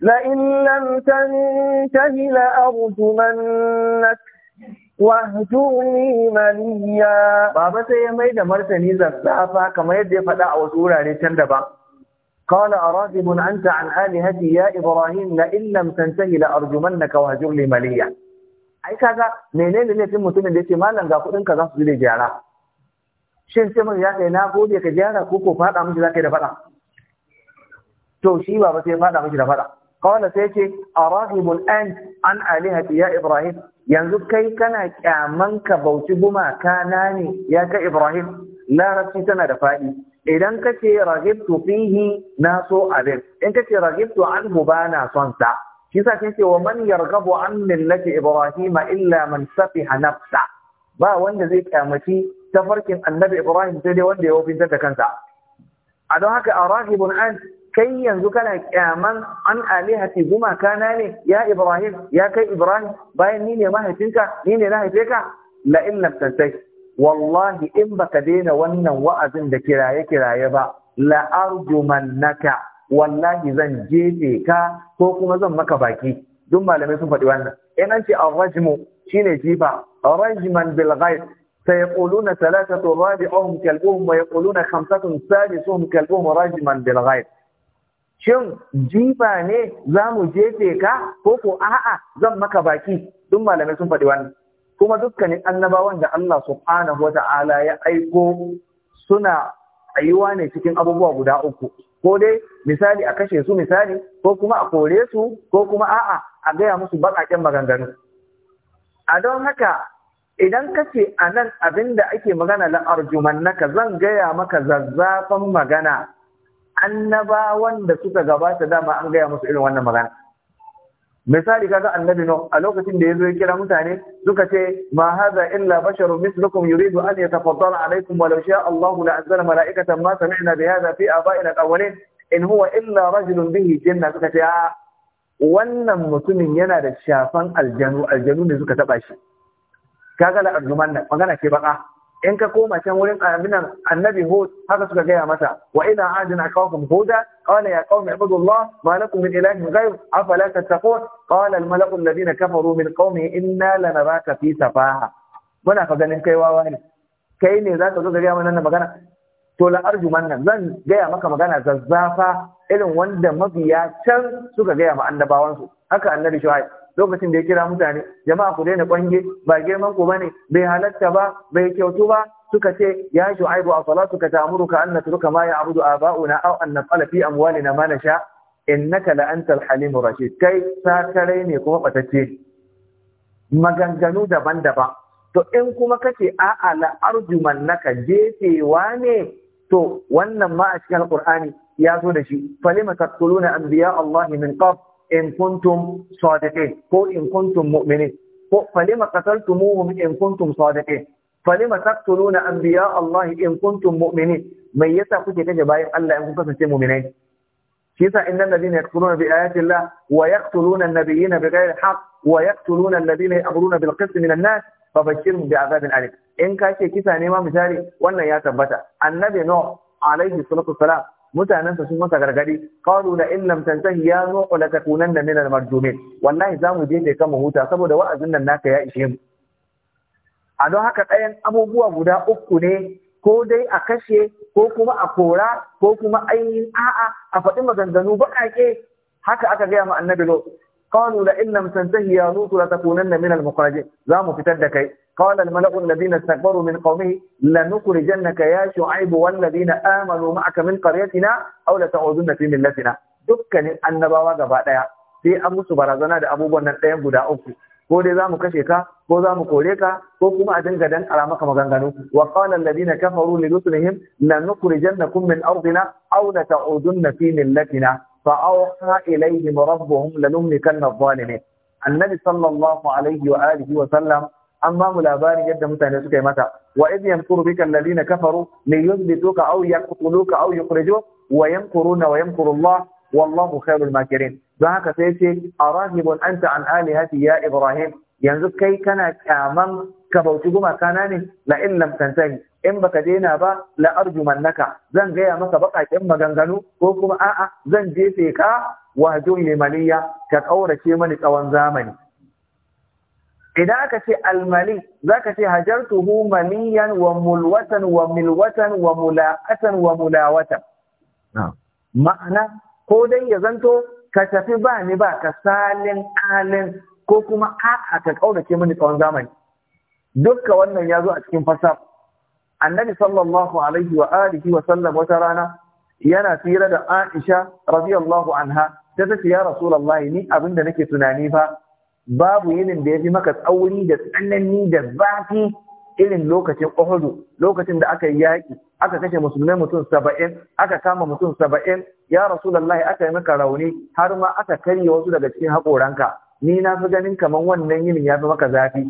la in lam tantahi la arjumannak wahduni maniya baba sai ya mai da martani zazzafa kamar yadda ya faɗa a wasu wurare can daban قال أراغب أنت عن آلهتي يا إبراهيم لئن لم تنتهي لأرجمنك وهجرني مليا ai kaga menene laifin mutumin da yace mallam ga kudin ka za su da gyara shin sai mun ya kai na gode ka gyara ko ko fada miki zaka da fada to shi baba sai fada miki da fada qala sai ce arahibun an an ya ibrahim yanzu kai kana kyaman ka bauci gumaka na ne ya ka ibrahim larabci tana da faɗi idan ka ce ragibtu na so abin in ka ce alhu ba na son sa shi sa ce wa man yarghabu an millati Ibrahima, illa man safiha nafsa ba wanda zai kyamaci tafarkin annabi ibrahim sai dai wanda ya wafinta da kansa a don haka arahibun an kai yanzu kana kyaman an alihati gumaka na ne ya Ibrahim ya kai Ibrahim bayan ni ne mahaifinka ni ne na haife ka la in lam wallahi in baka daina wannan wa'azin da kiraye kiraye ba la arjumannaka wallahi zan jefe ka ko kuma zan maka baki duk malamai sun faɗi wannan in an ce arrajmu shine jifa rajman bil ghaib سيقولون ثلاثة رابعهم كلبهم ويقولون خمسة سادسهم كلبهم رجما بالغير shin jifa ne za mu jefe ka ko ko a'a zan maka baki duk malamai sun faɗi wannan kuma dukkanin annabawan da Allah subhanahu wata'ala ya aiko suna ayuwa ne cikin abubuwa guda uku ko dai misali a kashe su misali ko kuma a kore su ko kuma a'a a gaya musu baƙaƙen maganganu a don haka idan ka ce a nan abin da ake magana la'arjumannaka zan gaya maka zazzafan magana annabawan da suka gabata dama an gaya musu irin wannan magana misali kaga annabi no a lokacin da yazo ya kira mutane suka ce ma hadha illa basharun mislukum yuridu an yatafaddala alaykum wa law sha'a Allah la anzala mala'ikatan ma sami'na bi hadha fi aba'ina al-awwalin in huwa illa rajulun bihi janna suka ce a wannan mutumin yana da shafan aljanu aljanu ne suka taba shi kaga la nan magana ke baka in ka koma can wurin aminan annabi hud haka suka gaya masa wa ina adin akawkum huda qala ya qaumi ibudullah ma lakum min ilahin ghayr afala tattaqun qala al malaku alladhina kafaru min qaumihi inna lanaraka fi safaha muna ganin kai wawa ne kai ne ka zo gaya mana magana to la arjumanna zan gaya maka magana zazzafa irin wanda mabiya can suka gaya ma annabawansu haka annabi shuaib lokacin da ya kira mutane jama'a ku daina kwange ba girman ku bane bai halatta ba bai kyautu ba suka ce ya shu'aibu a salatuka ta'muruka an natruka ma ya'budu aba'una aw an naf'ala fi amwalina ma nasha innaka la antal halimur rashid kai sakarai ne kuma batacce maganganu daban-daban to in kuma kace a'a la arjuman naka jefewa ne to wannan ma a cikin alqur'ani ya zo da shi falima taqtuluna anbiya Allah min qabl إن كنتم صادقين أو إن كنتم مؤمنين فلما قتلتموهم إن كنتم صادقين فلما تقتلون أنبياء الله إن كنتم مؤمنين من يتقوك كجبائي ألا إن كنتم مؤمنين كيف إن الذين يقتلون بآيات الله ويقتلون النبيين بغير الحق ويقتلون الذين يأمرون بالقسط من الناس فبشرهم بعذاب أليم إن كاشي كيف نيما مثالي وأن ياتبتا النبي نوح عليه الصلاة والسلام mutanen su sun masa gargadi qalu la in lam tantahi ya nuqu takunanna min al-marjumin wallahi zamu je kai kama huta saboda wa'azin nan naka ya ishe mu a don haka ɗayan abubuwa guda uku ne ko dai a kashe ko kuma a kora ko kuma ainihin a'a a faɗi maganganu baƙaƙe haka aka gaya ma annabi lo qalu la in lam tantahi ya nuqu takunanna min al zamu fitar da kai قال الملأ الذين استكبروا من قومه لنخرجنك يا شعيب والذين آمنوا معك من قريتنا أو لتعودن في ملتنا dukkanin annabawa gaba ɗaya sai an musu barazana da abubuwan nan ɗaya guda uku ko dai za mu kashe ka ko za mu kore ka ko kuma a dinga dan ara maka maganganu wa qala alladhina kafaru li rusulihim lanukhrijannakum min ardina aw lata'udunna fi millatina fa awha ilayhim rabbuhum lanumlikanna adh-dhalimin annabi sallallahu alaihi wa alihi wa sallam an ba mu labarin yadda mutane suka yi mata wa idh yamkuru bika alladhina kafaru li yuthbituka aw yaqtuluka aw yukhrijuk wa yamkuruna wa yamkuru Allah wallahu khairul makirin don haka sai ce arahibun anta an alihati ya ibrahim yanzu kai kana kyaman ka bauci gumaka na ne la in lam tantahi in baka daina ba la arjumannaka zan gaya maka baƙaƙen maganganu ko kuma a'a zan jefe ka wahjur limaliya ka kaurace mani tsawon zamani idan aka ce almali zaka ce hajartuhu maliyan wa mulwatan wa milwatan wa mula'atan wa mulawatan ma'ana ko dai ya zanto ka tafi ba ni ba ka salin alin ko kuma a'a ka kaurace mini tsawon zamani dukka wannan ya zo a cikin fasaf annabi sallallahu alaihi wa alihi wa sallam wata rana yana tsira da Aisha radiyallahu anha ta tafiya ya Rasulullahi ni abinda nake tunani fa babu yinin da ya fi maka tsauri da tsanani da zafi irin lokacin Ohudu, lokacin da aka yi yaƙi aka kashe musulmai mutum saba'in aka kama mutum saba'in ya rasulullahi aka yi maka rauni har ma aka karye wasu daga cikin haƙoranka ni na fi ganin kamar wannan yinin ya fi maka zafi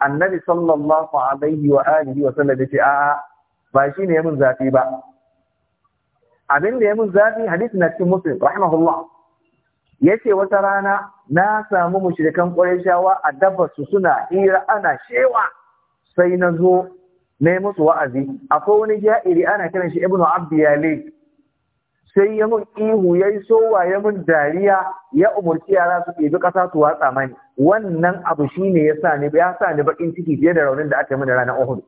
annabi sallallahu alaihi wa alihi wa sallam ce a'a ba shi ne ya zafi ba abin da ya zafi hadisi na cikin muslim rahimahullah Ya ce, wata rana na samu mushrikan Qurayshawa a dabarsu suna hira ana shewa sai na zo na musu wa'azi akwai wani ja'iri ana kiran shi Ibnu Abdiyale sai ya mun ihu ya yi sowa ya mun dariya ya umarci yara su ɗebi ƙasa su watsa mani wannan abu shi ne ya sa ni ya sa ni ciki fiye da raunin da aka mana ranar Uhud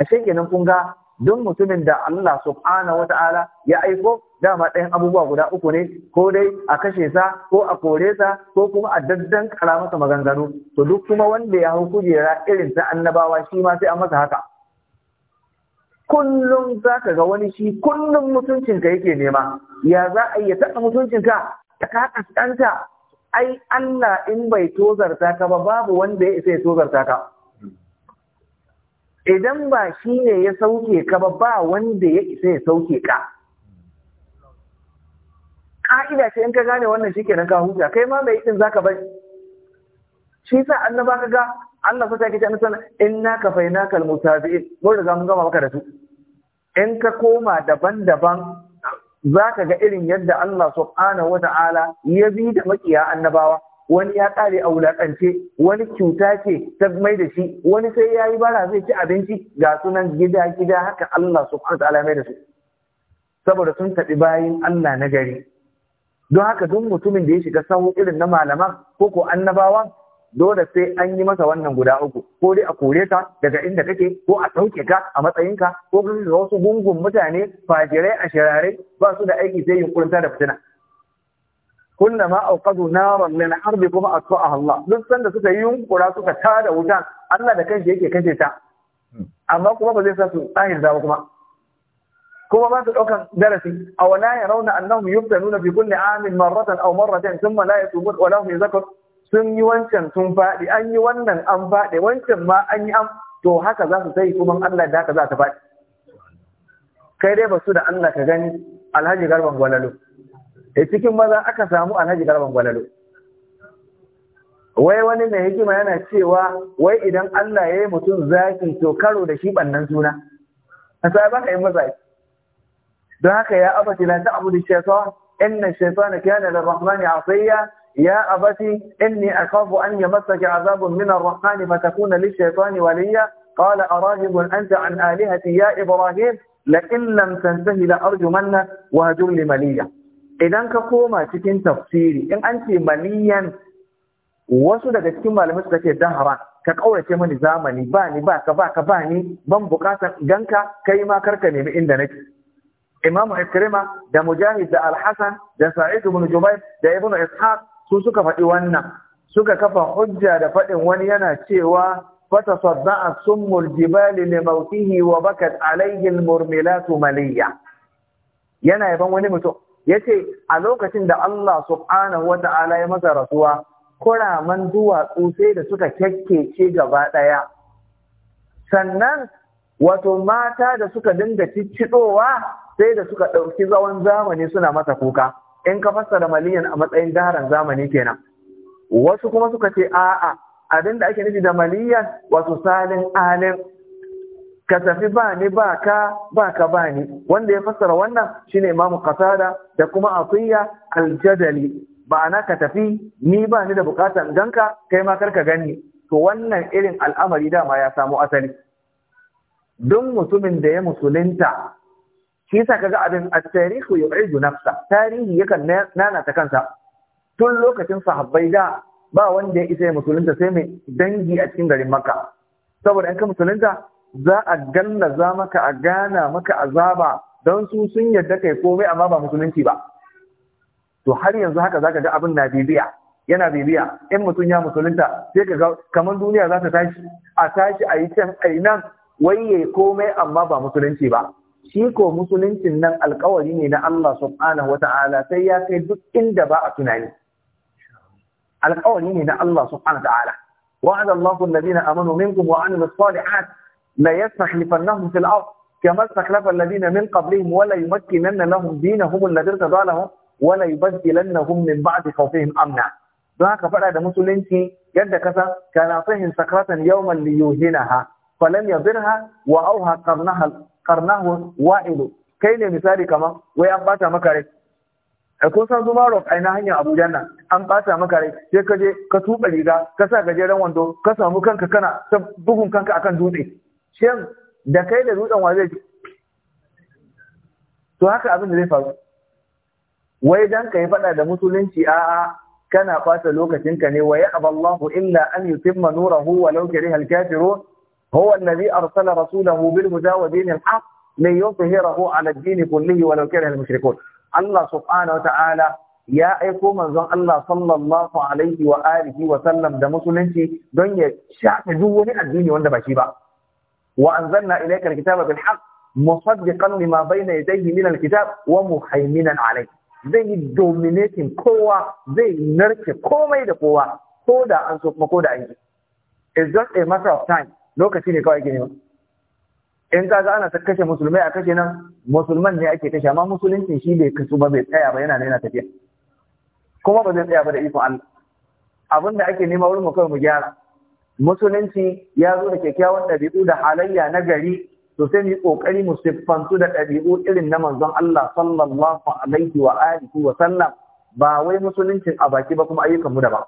a shekenan kun ga duk mutumin da Allah subhanahu wata'ala ya aiko dama ɗayan abubuwa guda uku ne ko dai a kashe sa ko a kore sa ko kuma a daddan kara masa maganganu to duk kuma wanda ya hau kujera irin ta annabawa shi ma sai an masa haka kullum za ka ga wani shi kullum mutuncinka yake nema ya za a iya taɓa mutuncinka ta ka ai Allah in bai tozarta ka ba babu wanda ya isa ya tozarta ka idan ba shi ne ya sauke ka ba ba wanda ya isa ya sauke ka ka'ida ce in ka gane wannan shi kenan ka huta kai ma mai din zaka bari shi sa annaba ka ga Allah sai kace annaba inna ka faina kal mutabi'in mun riga mun gama maka da su in ka koma daban-daban zaka ga irin yadda Allah subhanahu wata'ala ya bi da makiya annabawa wani ya kare a wulakance wani cuta ce ta mai da shi wani sai yayi bara zai ci abinci ga sunan gida gida haka Allah subhanahu wa mai da su saboda sun taɓi bayan Allah na gari don haka duk mutumin da ya shiga sahu irin na malaman ko ko annabawan dole sai an yi masa wannan guda uku ko dai a kore ka daga inda kake ko a sauke ka a matsayinka ko kuma da wasu gungun mutane fajirai a shirare ba su da aiki sai yunkurinta da fitina kunna ma auqadu naran lil ardi kuma atfa'aha Allah duk sanda suka yi yunkura suka tada wuta Allah da kanshi yake kashe ta hmm. amma kuma ba zai sa su tsahin ba kuma kuma ba su ɗaukan darasi a wala ya rauna annahum yubtanuna fi kulli amin marratan aw marratan thumma la yatubun wa lahum yadhkur sun yi wancan sun faɗi an yi wannan an faɗi wancan ma an yi an to haka za su sai kuma Allah da haka za ta faɗi kai dai basu da Allah ka gani Alhaji Garban Gwalalo e cikin maza aka samu Alhaji Garban Gwalalo wai wani mai hikima yana cewa wai idan Allah ya yi mutum zaki to karo da shi bannan suna a sai ba ka yi maza don haka ya abati la ta'budu shaytan inna shaytana kana lirrahmani asiya يا أبتي إني أخاف أن يمسك عذاب من الرحمن فتكون للشيطان وليا قال أراغب أنت عن آلهتي يا إبراهيم لئن لم تنتهي لأرجمنك وهجر مليا idan ka koma cikin tafsiri in an ce maliyan wasu daga cikin malamai suka ce dahara ka kaurace mani zamani ba ni ba ka ba ka ba ni ban bukatar ganka kai ma karka nemi inda nake Imam ikrima da mujahid da al-hasan da sa'id ibn jubair da ibn ishaq su suka faɗi wannan suka kafa hujja da faɗin wani yana cewa fatasadda'a summul jibali li mawtihi wa bakat alayhi al-murmilatu maliya yana yaban wani mutum yace a lokacin da Allah subhanahu wa ta'ala ya masa rasuwa kuraman duwatsu sai da suka kyakkece gaba ɗaya sannan wato mata da suka dinga cicciɗowa sai da suka ɗauki zawon zamani suna masa kuka in ka fassara maliyan a matsayin jaharan zamani kenan wasu kuma suka ce a'a abin da ake nufi da maliyan wasu salin alin ka tafi ba ni ba ka ba ka ba ni wanda ya fassara wannan shine imamu kasada da kuma afiya aljadali ma'ana ka tafi ni ba ni da bukatan ganka kai ma karka gani to wannan irin al'amari dama ya samu asali duk mutumin da ya musulunta shi yasa kaga abin at-tarihu yu'idu nafsa tarihi yakan nana ta kansa tun lokacin sahabbai da ba wanda ya isa ya musulunta sai mai dangi a cikin garin Makka saboda in ka musulunta za a ganna za maka a gana maka azaba don su sun yarda kai komai amma ba musulunci ba to har yanzu haka zaka ga abin na bibiya yana bibiya in mutum ya musulunta sai ka ga kamar duniya za ta tashi a tashi a yi can a yi nan wai yayi komai amma ba musulunci ba shi ko musuluncin nan alkawari ne na Allah subhanahu wata'ala sai ya kai duk inda ba a tunani alkawari ne na Allah subhanahu wata'ala wa'ada Allahu alladhina amanu minkum wa amilus salihat la yastakhlifannahum fil ard كما alladhina min qablihim wa la yumakkinanna lahum dinahum alladhi ارتضى wa la يبدلنهم min ba'di khawfihim amna don haka fada da musulunci yadda kasa kana sahin sakratan yawman liyuhinaha falam yadhirha wa auha qarnaha qarnahu wa'idu kai ne misali kaman wai an bata maka rai a kun san zuma rock ai hanyar abuja nan an bata maka rai sai ka je ka tuba riga ka sa gajeren wando ka samu kanka kana ta bugun kanka akan dutse shin da kai da dutsen wa zai to haka abin da zai faru wai dan ka yi faɗa da musulunci a'a kana ɓata lokacinka ne wa ya aballahu illa an yutimma nurahu walau kariha al Howan هو الذي أرسل رسوله بالهدى ne الحق ليظهره على الدين كله ولو كره المشركون الله سبحانه وتعالى ya aiko manzon Allah sallallahu alaihi wa alihi wa sallam da musulunci don ya shafe duk addini wanda ba shi ba wa anzalna ilayka alkitaba bil haqq musaddiqan lima bayna yadayhi min alkitab wa muhaiminan alayhi zai yi dominating kowa zai narke komai da kowa ko da an so ko da an it's just a matter of time lokaci ne kawai gine ba in ka ga ana ta kashe musulmai a kashe nan musulman ne ake kashe amma musulunci shi bai kasu ba bai tsaya ba yana yana tafiya kuma ba zai tsaya ba da ikon Allah abin da ake nema wurin mu kawai mu gyara musulunci ya zo da kyakkyawan ɗabi'u da halayya na gari sosai sai mu yi kokari mu siffantu da ɗabi'u irin na manzon Allah sallallahu alaihi wa alihi wa sallam ba wai musuluncin a baki ba kuma ayyukan mu da ba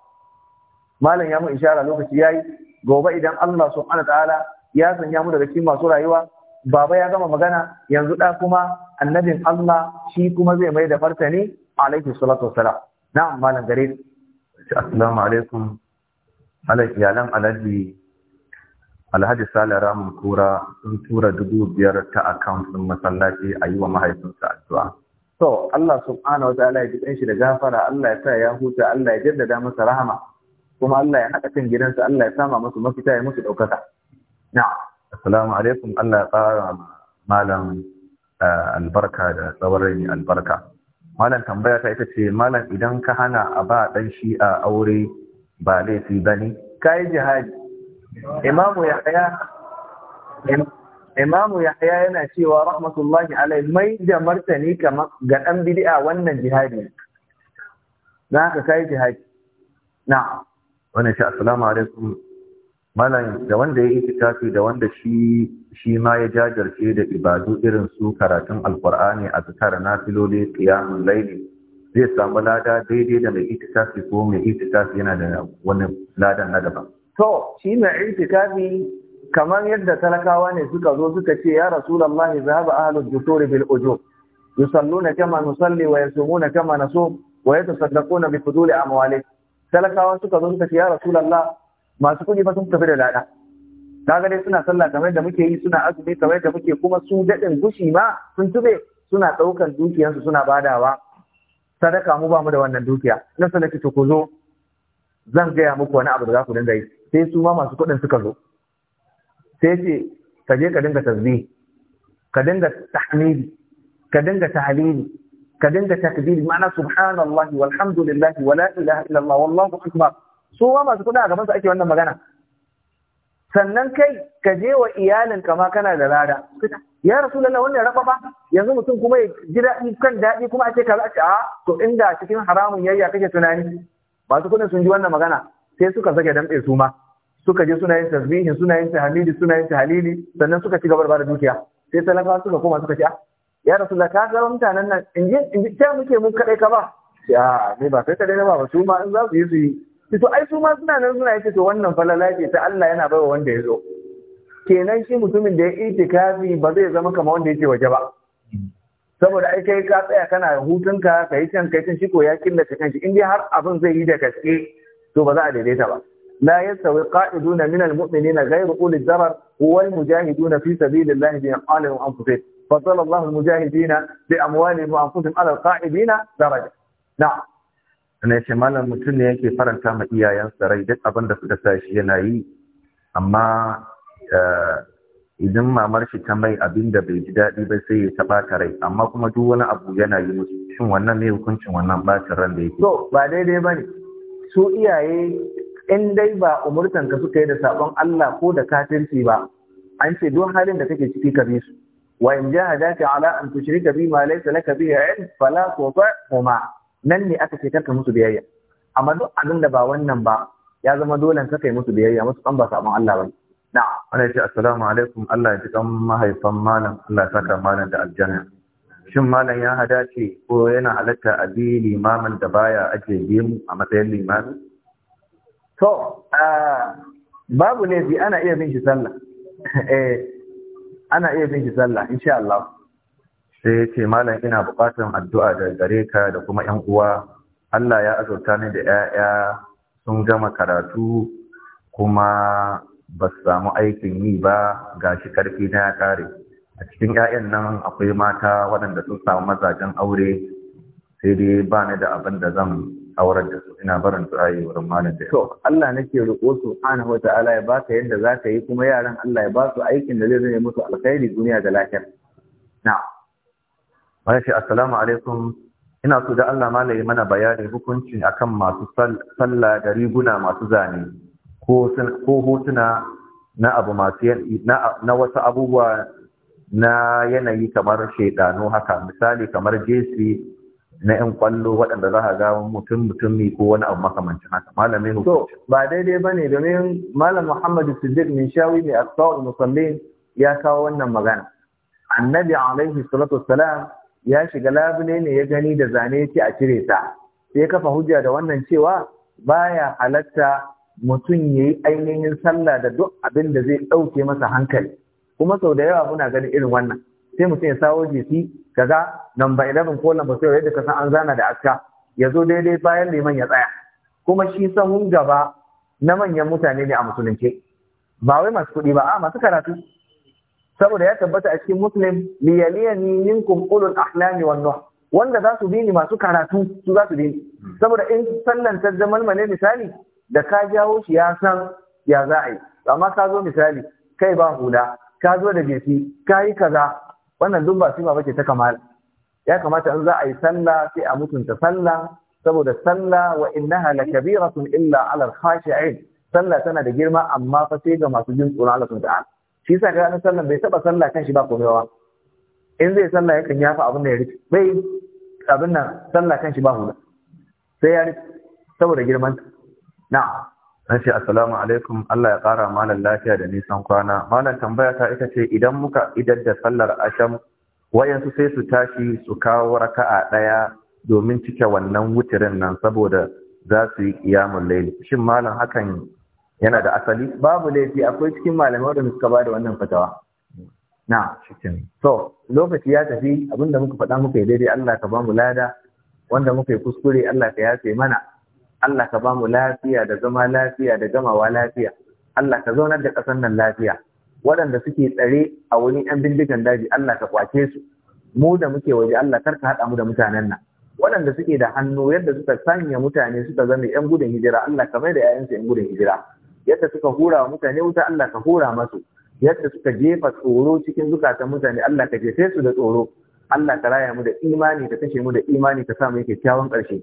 malam ya mu ishara lokaci yayi gobe idan Allah subhanahu ta'ala ya sanya mu daga cikin masu rayuwa baba ya gama magana yanzu da kuma annabin Allah shi kuma zai mai da fartani alaihi salatu wassalam na'am malam gare assalamu alaikum ala iyalan alaji alhaji sale ramin kura sun tura dubu biyar ta account din masallaci a yi wa mahaifinsa addu'a to Allah subhanahu wa ta'ala ya ji shi da gafara Allah ya sa ya huta Allah ya jaddada masa rahama kuma Allah ya haɗa kan gidansa Allah ya sama musu mafita ya musu ɗaukaka Na. assalamu alaikum Allah ya tsara malam eh, albarka da tsawon rai albarka malam tambaya ta ita ce malam idan ka hana a ba ɗan shi a aure ba laifi Ka yi jihadi imamu yahya imamu yahya yana cewa rahmatullahi alai mai da martani kamar ga ɗan bid'a wannan jihadi na ka kai jihadi na'am wannan shi assalamu alaikum malam da wanda ya tafi da wanda shi ma ya jajirce da ibadu irin su karatun alqur'ani azkar nafiloli qiyamul layli zai samu lada daidai da mai itikafi ko mai itikafi yana da wani ladan na daban to shi mai itikafi kamar yadda talakawa ne suka zo suka ce ya rasulullahi zahaba ahlul dusuri bil ujub yusalluna kama nusalli wa yasumuna kama nasum wa yatasaddaquna bi fuduli amwalihim talakawa suka zo suka ce ya rasulullah masu kuɗi fa sun tafi da lada na gane suna sallah kamar da muke yi suna azumi kamar da muke kuma su daɗin gushi ma sun tube suna ɗaukar dukiyarsu suna badawa sadaka mu ba mu da wannan dukiya na sana to ku zo zan gaya muku wani abu da za ku dinga yi sai su ma masu kuɗin suka zo sai ce ka je ka dinga tasbih ka dinga tahmidi ka dinga tahlili ka dinga takbiri ma'ana subhanallahi walhamdulillahi wala ilaha illallah wallahu akbar su ma masu kuɗi a gaban su ake wannan magana sannan kai ka je wa iyalin kama kana da lada ya rasulullah wannan raba ba yanzu mutum kuma ya ji daɗi kan daɗi kuma a ce kaza a ce a to inda cikin haramun yayya kake tunani masu kuɗin sun ji wannan magana sai suka zage damtse su ma suka je suna yin tasbihin suna yin tahmidi suna yin tahlili sannan suka ci gaba da dukiya sai talaka suka koma suka ce a ya rasu da ka ga mutanen nan in ji ta muke mun kadai ka ba sai ne ba kai kadai na ba su ma in za su yi su yi to ai su ma suna nan suna yace to wannan falala ce ta Allah yana baiwa wanda ya zo kenan shi mutumin da ya itikafi ba zai zama kamar wanda yake waje ba saboda ai kai ka tsaya kana hutunka ka yi can kai can shi ko ya killace kanshi in dai har abin zai yi da gaske to ba za a daidaita ba لا يستوي القائدون من المؤمنين غير أولي الضرر والمجاهدون في سبيل الله بأموالهم وأنفسهم فضل الله المجاهدين بأموالهم وأنفسهم على القائدين درجه نعم ana yace malam mutum ne yake faranta ma iyayensa rai duk abin da suka sa shi yana yi amma idan mamar shi ta mai abin da bai ji daɗi ba sai ya taɓa ta rai amma kuma duk wani abu yana yi musu shin wannan ne hukuncin wannan bacin ran da yake to ba daidai ba ne su iyaye in dai ba umurtan ka suka yi da sabon Allah ko da kafirci ba an ce duk halin da kake ciki ka bi su وإن جاهداك على أن تشرك بما ليس لك به علم فلا تطعهما nan ne aka ce karka musu biyayya amma duk abin da ba wannan ba ya zama dole ka kai musu biyayya musu kan ba sabon Allah ba na ana ce assalamu alaikum Allah ya ji kan mahaifan malam Allah ya saka malam da aljanna shin malam ya hada ce ko yana halatta a bi limamin da baya ajiye gemu a matsayin limami to babu laifi ana iya bin shi sallah eh ana iya bin ki sallah insha Allah sai ya ce malam ina buƙatar addu'a da gare ka da kuma ƴan uwa Allah ya azurta ni da ƴaƴa sun gama karatu kuma ba su samu aikin yi ba gashi karfi na ya kare a cikin ƴaƴan nan akwai mata waɗanda sun samu mazajen aure sai dai ba ni da abin da zan Auren da su ina barin su ayi wurin malam da to Allah nake roƙo su Ana wata wata'ala ya baka yadda za ka yi kuma yaran Allah ya ba su aikin da zai zame musu alkhairi duniya da lahira Na. wani shi assalamu alaikum ina so da Allah malaye mana bayanin hukunci akan masu sallah da riguna masu zane ko hotuna na abu masu na wasu abubuwa na yanayi kamar shaidano haka misali kamar jesi na yan kwallo waɗanda za a ga mutum mutumi ko wani abu makamancin haka malamin hukunci ba daidai ba ne domin malam muhammadu sidik min shawi mai Asfawar musallin ya kawo wannan magana annabi alaihi salatu Salam ya shiga labule ne ya gani da zane ce a cire ta sai kafa hujja da wannan cewa baya halatta mutum ya yi ainihin sallah da duk abin da zai ɗauke masa hankali kuma sau da yawa muna ganin irin wannan sai mutum ya sawo jefi kaza, lamba 11 ko lamba 12 yadda ka san an zana da aska ya zo daidai bayan liman ya tsaya kuma shi sahun gaba na manyan mutane ne a musulunce ba wai masu kuɗi ba a masu karatu saboda ya tabbata a cikin muslim liyaliyani minkum ulul ahlami wan wanda za su bini masu karatu su za su bini saboda in sallar ta zama misali da ka jawo shi ya san ya za a yi amma ka zo misali kai ba hula ka zo da jefi ka yi kaza wannan duk ba sifa bace ta kamala ya kamata in za a yi sallah sai a mutunta sallah saboda sallah wa innaha lakabiratun illa ala al-khashi'in sallah tana da girma amma fa sai ga masu jin tsoron Allah subhanahu ta'ala shi yasa ga sallah bai taba sallah kan shi ba komai ba in zai sallah yakan yafa abin da ya rike bai abin nan sallah kan shi ba hula sai ya rike saboda girman na'am na ce assalamu alaikum Allah ya ƙara malam lafiya da nisan kwana malam tambaya ta ita ce idan muka idar da sallar asham wayansu sai su tashi su kawo raka'a ɗaya domin cike wannan wutirin nan saboda za su yi kiyamun laili shin malam hakan yana da asali babu laifi akwai cikin malamai da suka da wannan fatawa na cikin so lokaci ya tafi abinda muka faɗa muka yi daidai Allah ka bamu lada wanda muka yi kuskure Allah ka yafe mana Allah ka ba mu lafiya da zama lafiya da gamawa lafiya Allah ka zaunar da ƙasar nan lafiya waɗanda suke tsare a wurin 'yan bindigan daji Allah ka kwace su mu da muke waje Allah kar ka haɗa mu da mutanen nan waɗanda suke da hannu yadda suka sanya mutane suka zama 'yan gudun hijira Allah ka mai da 'ya'yansu 'yan gudun hijira yadda suka hura wa mutane wuta Allah ka hura masu yadda suka jefa tsoro cikin zukatan mutane Allah ka jefe su da tsoro Allah ka raya mu da imani ka kashe mu da imani ka sa mu kyakkyawan ƙarshe